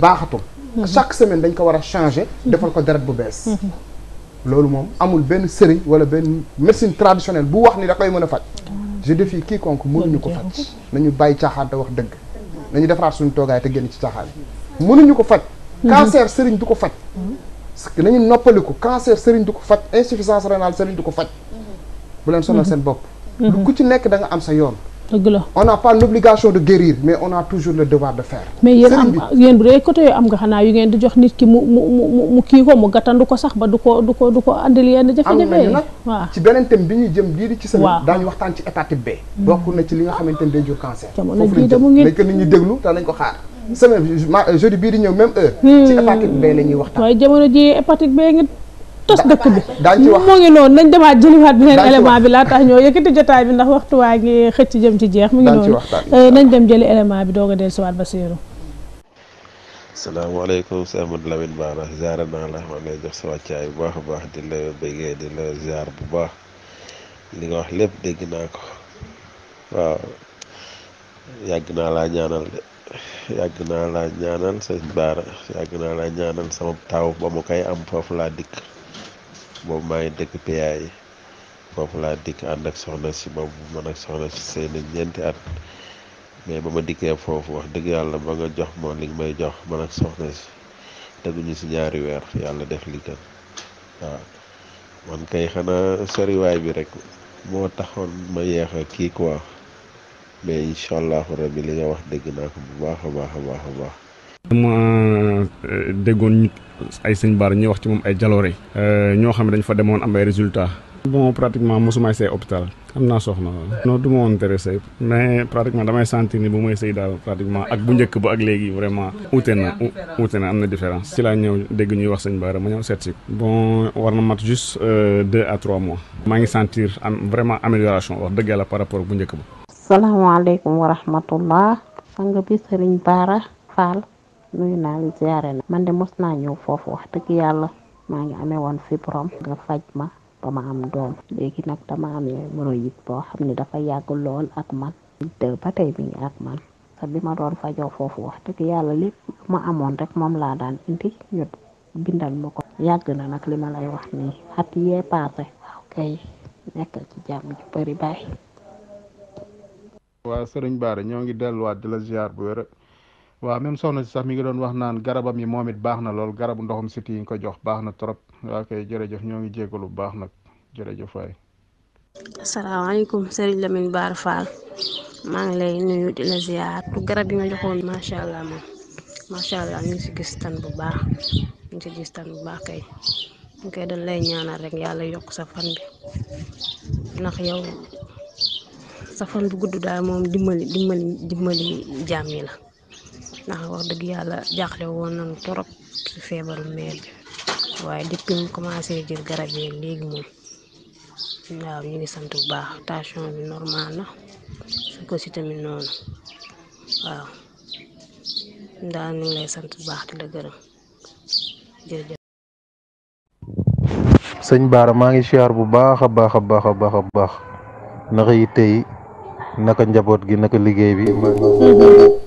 baaxatul. Mhm. chaque semaine dañ ko war a changer. Mhm. defal ko deret bu bees. Mhm. loolu moom amul benn sëriñ wala benn médecine traditionnelle bu wax ni da koy mën a faj. je défie quiconque mënuñu ko faj. nañu bàyyi caaxaan te wax dëgg. nañu defaraat suñu toogaay te génn ci caaxaan yi. mënuñu ko faj. cancer sëriñ du ko faj. nañu noppaliku cancer sëriñ du ko faj insuffisance rénale sëriñ du ko faj. bu leen sonal seen bopp. lu ku ci nekk da nga am sa yoon. on n'a pas l'obligation de guérir mais on a toujours le devoir de faire. mais yéen bu dee côté am nga xanaa yu ngeen di jox nit ki mu mu mu mu kii ko mu gàttandu ko sax ba du ko du ko du ko andil yenn jafe-jafe yi waaw ci beneen thème bi ñuy jëm lii ci semaine. waaw waxtaan ci hépatite B. Hmm. bokk na ci li nga xamante ni day jur cancer. jamono jii de mu ngi foofu nit ñi déglu te nañ ko xaar. semaine jeudi bii di ñëw même heure. Hmm. ci hépatite B la waxtaan. tos dëkk bi moo ngi noonu nañ demaat jëliwaat beneen élément bi laa tax ñoo yëkkati jotaay bi ndax waxtu waa ngi xëcc jëm ci jeex mu ngi noonu euh, nañ dem jëli élément bi doog a del siwaat ba séeru salaamaaleykum Samadou Lamine Bara ziar naa la maa lay jox sa wàccaay bu baax baax di la bëggee di la ziar bu baax li nga wax lépp dégg naa ko waaw yàgg naa laa ñaanal de yàgg naa laa ñaanal sëñ Bara yàgg naa laa ñaanal sama taaw ba mu foofu laa dikk mom may ngi dëkk PA yi foofu laa dikk ak soxna si boobu ah, man ak soxna ci seen ñent at mais bama ma fofu wax dëgg yalla ba nga jox mo li may jox man ak soxna si ñu ci ñaari wër yalla def li gën wa man kay xana sori way bi rek mo taxoon ma yeex a kii quoi mais inshallah rabbi li nga wax dégg na ko bu baaxa baaxa baaxa a baax dama eh, déggoon ñu ay sëñ baar ñuy wax ci moom ay jaloore eh, ñoo xam ne dañ fa demoon am ay résultats bon pratiquement mosuma sey hôpital am naa soxna non du ma woon tere sëy mais pratiquement damay sentir ni bu may sëy daal pratiquement ak bu njëkk ba ak léegi vraiment uute na uute na am na différence ci laa ñëw dégg ñuy wax sëñ baara ma ñëw seet si bon war na mat juste euh, deux à trois mois maa ngi sentir am vraiment amélioration wax dëgg yàlla par rapport bu njëkk ba salaamaaleykum wa rahmatullah sang bi sëriñ baara faal nuyu naa la ziare na man de mos naa ñëw foofu wax dëgg yàlla maa ngi amee woon fibrom nga faj ma ba ma am doom léegi nag dama amee hémorroïde boo xam ne dafa yàgg lool ak man te ba tey mi ngi ak man sa bi ma doon fajoo foofu wax dëgg yàlla lépp ma amoon rek moom laa daan indi ñu bindal ma ko yàgg na nag li ma lay wax nii at yee passé waaw kay nekkal ci jàmm ju bëri bàyyi waa sëriñ Bare ñoo ngi delluwaat di la ziar bu wér waaw même soxna si sax mi ngi doon wax naan garabam yi moomit it baax na lool garabu ndoxum siti yi nga ko jox baax na trop waa jërëjëf ñoo ngi jégalu baax nag jërëjëf waay. asalaamaaleykum Serigne Lamine Bara Fall maa ngi lay nuyu garab yi nga joxoon macha allah moom macha allah ñu ngi si gis tan bu baax ñu ngi si gis tan bu baax kay ñu koy dañ lay ñaanal rek yàlla yokk sa bi ndax yow sa fan gudd daal moom dimbali dimbali dimbali jaam yi la. ndax wax dëgg yàlla jaaxle woon nañu trop ci feebaru meer bi waaye depuis mu commencé jël garab yi léegi moom waaw ñu ngi sant bu baax tension bi normal na su ko si tamit noonu waaw daal ñu ngi lay sant bu baax di la gërëm jërëjëf. sëñ Baara maa ngi siyaar bu baax a baax a baax a baax a baax naka yi tey naka njaboot gi naka liggéey bi. Mm-hmm.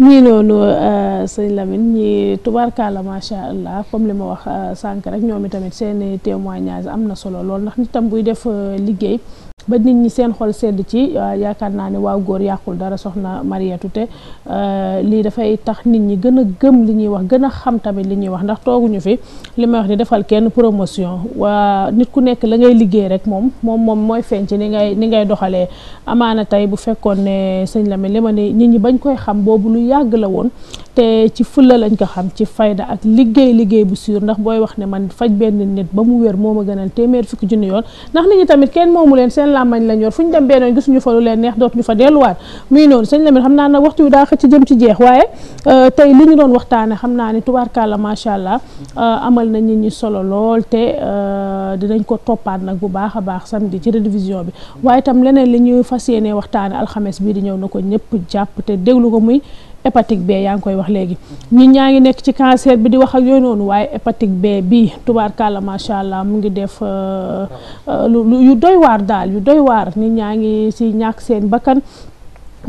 ñii noonu euh, sëñ Lamine ñi tubaarkaala macha allah comme li ma wax euh, sànq rek ñoom itamit seen témoignage am na solo lool ndax nitam buy def euh, liggéey ba nit ñi seen xol sedd ci yaakaar naa ne waaw góor yàqul dara soxna Mariétou te euh, lii dafay tax nit ñi gën a gëm li ñuy wax gën a xam tamit li ñuy wax ndax tooguñu fi li may wax ni defal kenn promotion waa nit ku nekk la ngay liggéey rek moom moom moom mooy feeñ ci ni ngay ni ngay doxalee amaana tey bu fekkoon ne sëñ Lamine li ma ne nit ñi bañ koy xam boobu lu yàgg la woon te ci fulla lañ ko xam ci fayda ak liggéey liggéey bu suur ndax booy wax ne man faj benn nit ba mu wér moom a gënal téeméer fukki junni yoon ndax nit ñi tamit kenn moomu leen seen làmmañ lañ yor fu ñu dem benn yoon gisuñu fa lu fa delluwaat muy noonu sëñ Lamine xam naa nag waxtu wi daa xëcc jëm ci jeex waaye euh, tey li ñu doon waxtaane xam naa ne tubaarkàlla macha allah euh, amal na nit ñi solo lool te euh, dinañ ko toppaat nag bu baax a baax samedi ci révision bi waaye tam leneen li ñuy fas yéene waxtaane alxames bii di ñëw na ko ñëpp jàpp te déglu ko muy hepatic B yang koy wax léegi ñi ñaa nek ci cancer bi di wax ak yoy non waye hepatic B mu ngi def euh, euh, yu doy war dal yu doy war nit ci si seen bakkan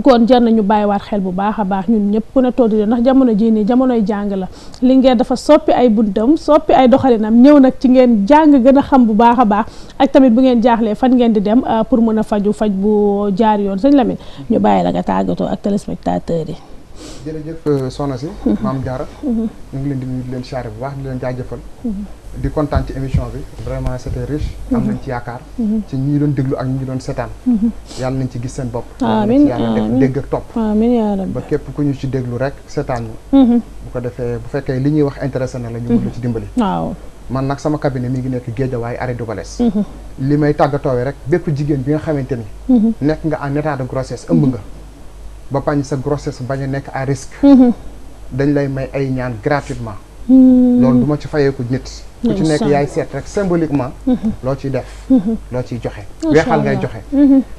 kon jar nañu war xel bu baaxa baax ñun ñepp ku ne toddi di ndax jamono jii nii jamonoy jang la li ngeen dafa soppi ay buntam soppi ay doxalinam ñew nak ci ngeen jang gëna xam bu baaxa baax ak tamit bu ngeen jaaxlee fan ngeen di dem euh, pour mëna faju faj bu jaar yoon señ Lamine ñu baye la nga tagato ak téléspectateurs jërëjëf euh, soxna si [laughs] maam Diarra ñu ngi leen di nuyu di leen charré bu baax di leen jaajëfal [laughs] di kontaan ci émission bi vraiment c'était riche [laughs] am nañ ci yaakaar ci ñi doon déglu ak ñi doon seetaan yàlla nañ ci gis seen bopp amiin yàlla def topp ba képp ku ñu ci déglu rek seetaan ñu bu ko defee bu fekkee li ñuy wax intéressé na la ñu mën ci dimbali waaw man nag sama cabinet mi ngi nekk Guédiawaye arrêt du Vallès li may tàggatoowee rek bépp jigéen bi nga xamante ni nekk nga en état de grossesse ëmb nga ba pañ sa grossesse bañ a nekk à risque. Mhm. dañ lay may ay ñaan gratuitement. Hmm. loolu du ma ci fayeeku nit. ku ci nekk yaay seet rek symboliquement. Mhm. loo ciy def. Mhm. loo ciy joxe. weexal ngay joxe.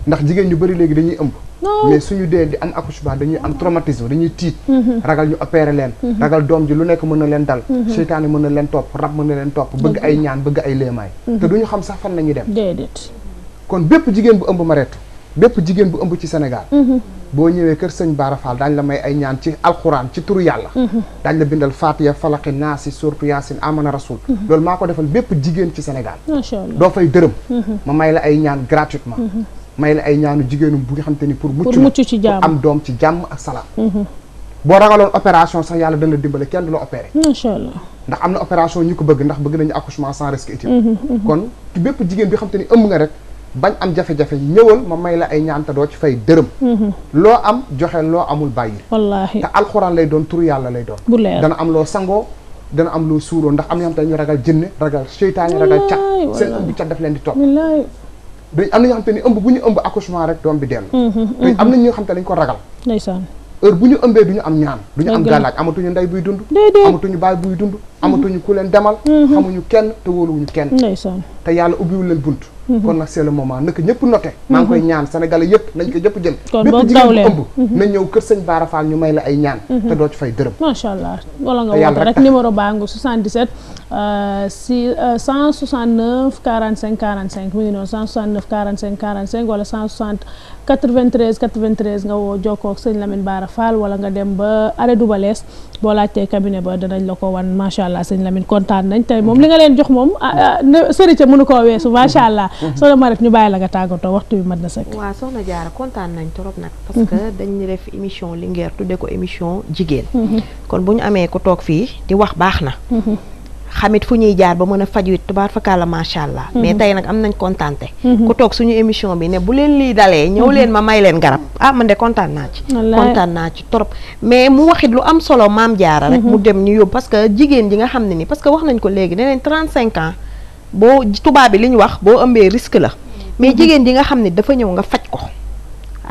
ndax jigéen ñu bari léegi dañuy ëmb. mais suñu dee di am accouchement dañuy am traumatisme dañuy tiit. ragal ñu opéré leen. ragal doom ji lu nekk mën na leen dal. seytaane mën na leen topp rab mën na leen topp. bëgg ay ñaan bëgg ay léemaay. te ñu xam sax fan la ñuy dem. kon bépp jigéen bu ëmb mareetu bépp jigéen bu ëmb ci Sénégal. boo ñëwee kër sëñ Bara Fall daañ la may ay ñaan ci alxuraan ci turu yàlla mhm. daañ la bindal Faatiya Falaqi Naasi surtout Yaasin amana rasul mhm. loolu maa ko defal bépp jigéen ci Sénégal doo fay dërëm mhm. ma may la ay ñaan gratuitement may la ay ñaanu jigéenu bu nga te ni pour mucc ci jàmm am doom ci jàmm ak salaam boo ragaloon opération sax yàlla dana dimbale kenn du la opéré incha ndax am na opération ñu ko bëgg ndax bëgg nañu accouchement sans risque utile kon bépp jigéen bi xamante ni ëmb nga rek bañ am jafe-jafe ñëwal ma may la ay ñaan te doo ci fay dërëm. Mm-hmm. loo am joxe loo amul bàyyi. wallaahi te alxuraan lay doon turu yàlla lay doon. bu leer dana am loo sangoo dana am loo suuroo ndax am na yoo xam ñu ragal jënne ragal seytaane ragal cat. seen ëmb cat leen di topp. dañ am na ñoo xam te ni ëmb bu ñu ëmb accouchement rek doom bi dellu. Mm-hmm, dañ am na mm-hmm. ñoo xam te dañ ko ragal. ndeysaan bu ñu ëmbee du ñu am ñaan. du ñu am gàllaaj amatuñu ndey buy dund. amatuñu baay buy dund. amatuñu ku leen demal. xamuñu kenn te wóoluwuñu kenn. ndeysaan te yàlla ubbiwul leen bunt Mhm. kon nag c'est le moment naka ñëpp noté maa ngi koy mhm. ñaan sénégalais yëpp nañ ko ñëpp jël bépp jigéen bu ëmb mhm. na ñëw kër sëñ Bara ñu may la ay ñaan te doo ci fay dërëm macha allah wala nga woote rek numéro baa ngu 77 Euh, si 169 45 45 mu ngi noonu 169 45 45 wala 160 93 93 nga woo jokkoo ak sëñ Lamine Bara Fall wala nga dem ba arrêt du balees boo laajtee cabinet ba danañ la ko wan macha allah sëñ Lamine kontaan nañ tey moom li nga leen jox moom ah, ah, sëri ca mënu koo weesu macha allah. [laughs] soxna Maret ñu bàyyi la nga tàggatoo waxtu wi mat na sëkk. waaw soxna Diarra kontaan nañ trop nag. parce mm-hmm. que dañu def émission Linguère tudde ko émission jigéen. Mm-hmm. kon bu ñu amee ku toog fii di wax baax na. Mm-hmm. xamit fu ñuy jaar ba mën a faj it tubaab fakàlla macha allah. Mm-hmm. mais tey nag am nañ kontaante. Mm-hmm. ku toog suñu émission bi ne bu leen lii dalee. ñëw mm-hmm. leen ma may leen garab ah man de kontaan naa ci. kontaan naa ci trop mais mu waxit lu am solo maam jaara rek. mu dem ñu yóbbu parce que jigéen ji nga xam ne ni parce que wax nañ ko léegi nee nañ 35 ans boo tubaab bi li ñu wax boo ëmbee risque la. mais jigéen ji nga xam ne dafa ñëw nga faj ko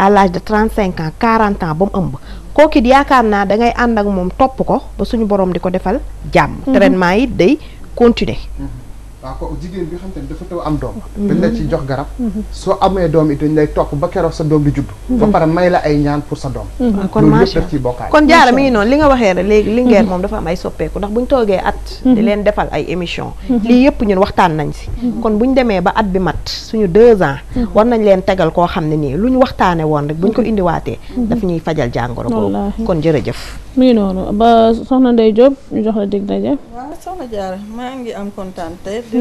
à l'âge de 35 ans 40 ba mu ëmb. kookit yaakaar naa da ngay ànd ak moom topp ko ba suñu borom di ko defal jàmm mm-hmm. traitement yi day continuer mm-hmm. waaw ko jigéen bi xam te ne dafa taw am doom dañ la ci jox garab soo amee doom it dañ lay topp ba keroog sa doom di judd ba para may la ay ñaan pour sa doom mm-hmm. kon macha daf ciy kon jaara mi ngi li nga waxee rek léegi li ngeen mm-hmm. moom dafa am ay soppeeku ndax buñ toogee at mm-hmm. di leen defal ay émission lii yëpp ñun waxtaan nañ si kon buñ demee ba at bi mat suñu deux ans war nañ leen tegal koo xam ne nii lu ñu waxtaane woon rek buñ ko indiwaatee daf ñuy fajal jàngoro boobu kon jërëjëf mi ngi noonu ba soxna Ndeye Diop ñu jox la dig daje waaw soxna Jaara maa ngi am kontaan di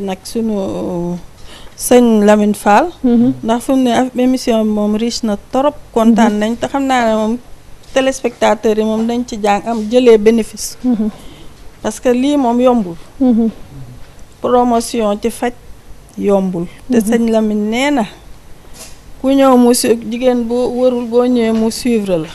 nag suñu sëñ Lamine Fall. Mm-hmm. ndax fi ne émission bi moom riche na trop kontaan mm-hmm. nañ te xam naa ne moom téléspectateurs yi moom dañ ci jàng am jëlee bénéfice. Mm-hmm. parce que lii moom yombul. promotion ci faj yombul. te sëñ lamin nee na ku ñëw mu su jigéen boo wërul boo ñëwee mu suivre la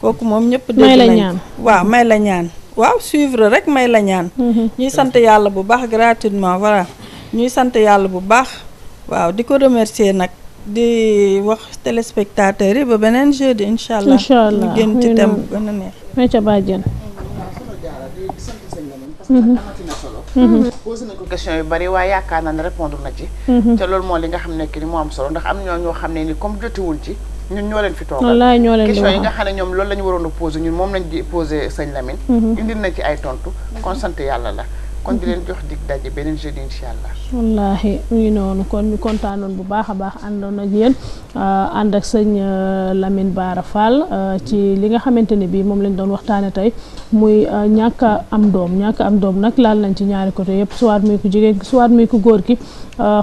kooku moom ñëpp. dégg nañ waaw may la ñaan. waaw suivre rek may la ñaan. Mhm. ñuy sant yàlla bu baax gratuitement voilà ñuy sant yàlla bu baax waaw di ko remercier nag di wax téléspectateurs yi ba beneen jeudi incha allah. incha allah ñu génn ci thème bu gën a neex. ma ca bàjjen. Mhm. Mhm. posé na ko question yu bari waaye yaakaar naa ne répondre na ci. te loolu moo li nga xam ne ni moo am solo ndax am na ñoo xam ne ni comme jotiwul ci. ñun ñoo leen fi toogal wallaay yi nga xam ne ñoom loolu la ñu waroon a posé ñun moom lañ di posé sëñ Lamine. Mm-hmm. indil na ci ay tontu mm-hmm. kon sant yàlla la. kon di leen jox dig daje beneen jeudi incha allah. wallaahi mu ngi noonu kon ñu kontaanoon bu baax a baax àndoon ak yéen euh, ànd ak sëñ euh, Lamine Bara Fall euh, ci li nga xamante ne bii moom lañ doon waxtaane tey muy ñàkk am doom ñàkk am doom nag laal nañ ci ñaari côté yëpp soit muy ku jigéen ki soit muy ku góor ki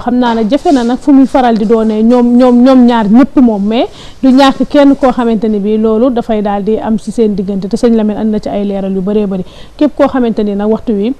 xam naa ne jafe na nag fu muy faral di doonee ñoom ñoom ñoom ñaar ñëpp moom mais du ñàkk kenn koo xamante ne bii loolu dafay daal di am si seen diggante sëñ Lamine ànd na ci ay leeral yu bëree bëri képp koo xamante ni nag waxtu wi.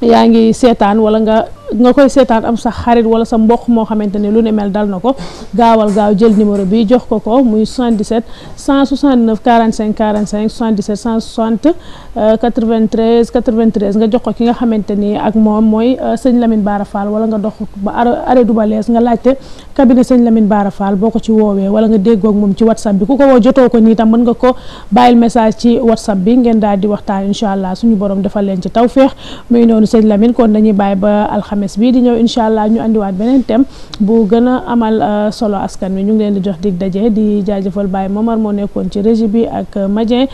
yaa ngi seetaan wala nga nga koy seetaan am sax xarit wala sa mbokk moo xamante ne lu ne mel dal na ko gaawal gaaw jël numéro bi jox ko ko muy 77 169 45 45 77 160 93 93 nga jox ko ki nga xamante ni ak moom mooy euh, sëñ Lamine Bara Fall wala nga dox ba arrêt du balees nga laajte cabinet sëñ Lamine Bara Fall boo ko ci woowee wala nga déggoog moom ci whatsapp bi ku ko woo jotoo ko nii tam mën nga ko bàyyil message ci whatsapp bi ngeen daal di waxtaan incha allah suñu borom defal leen ci tawféex muy noonu sëñ Lamine kon dañuy bàyyi ba alxames bii di ñëw incha allah ñu andiwaat beneen thème boo gën a amal euh, solo askan wi ñu ngi leen di jox digg daje di jaajëfal moom Momar moo nekkoon ci régie bi ak euh, Madien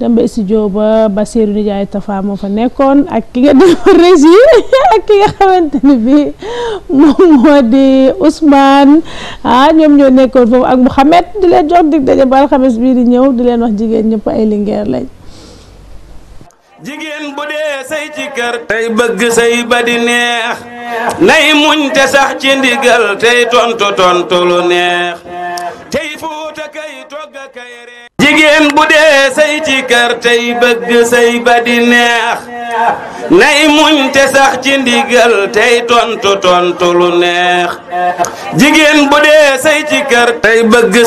dem ba studio ba Basirou Ndiaye moo fa nekkoon ak ki nga def [laughs] régie ak ki nga xamante ni bi moom moo di Ousmane ah ñoom ñoo nekkoon foofu ak Mouhamed di leen jox dig daje ba alxames bii di ñëw di leen wax jigéen ñëpp ay lingeer lañ. Jigen bu dee say ci kër tay bëgg say badi neex nay muñ te sax ci ndigal tay tonto tonto lu neex tey fuuta kay togg kay re jigen bu say ci kër tay bëgg say badi neex nay muñ te sax ci ndigal tay tonto tonto lu neex jigen bu say ci kër tay bëgg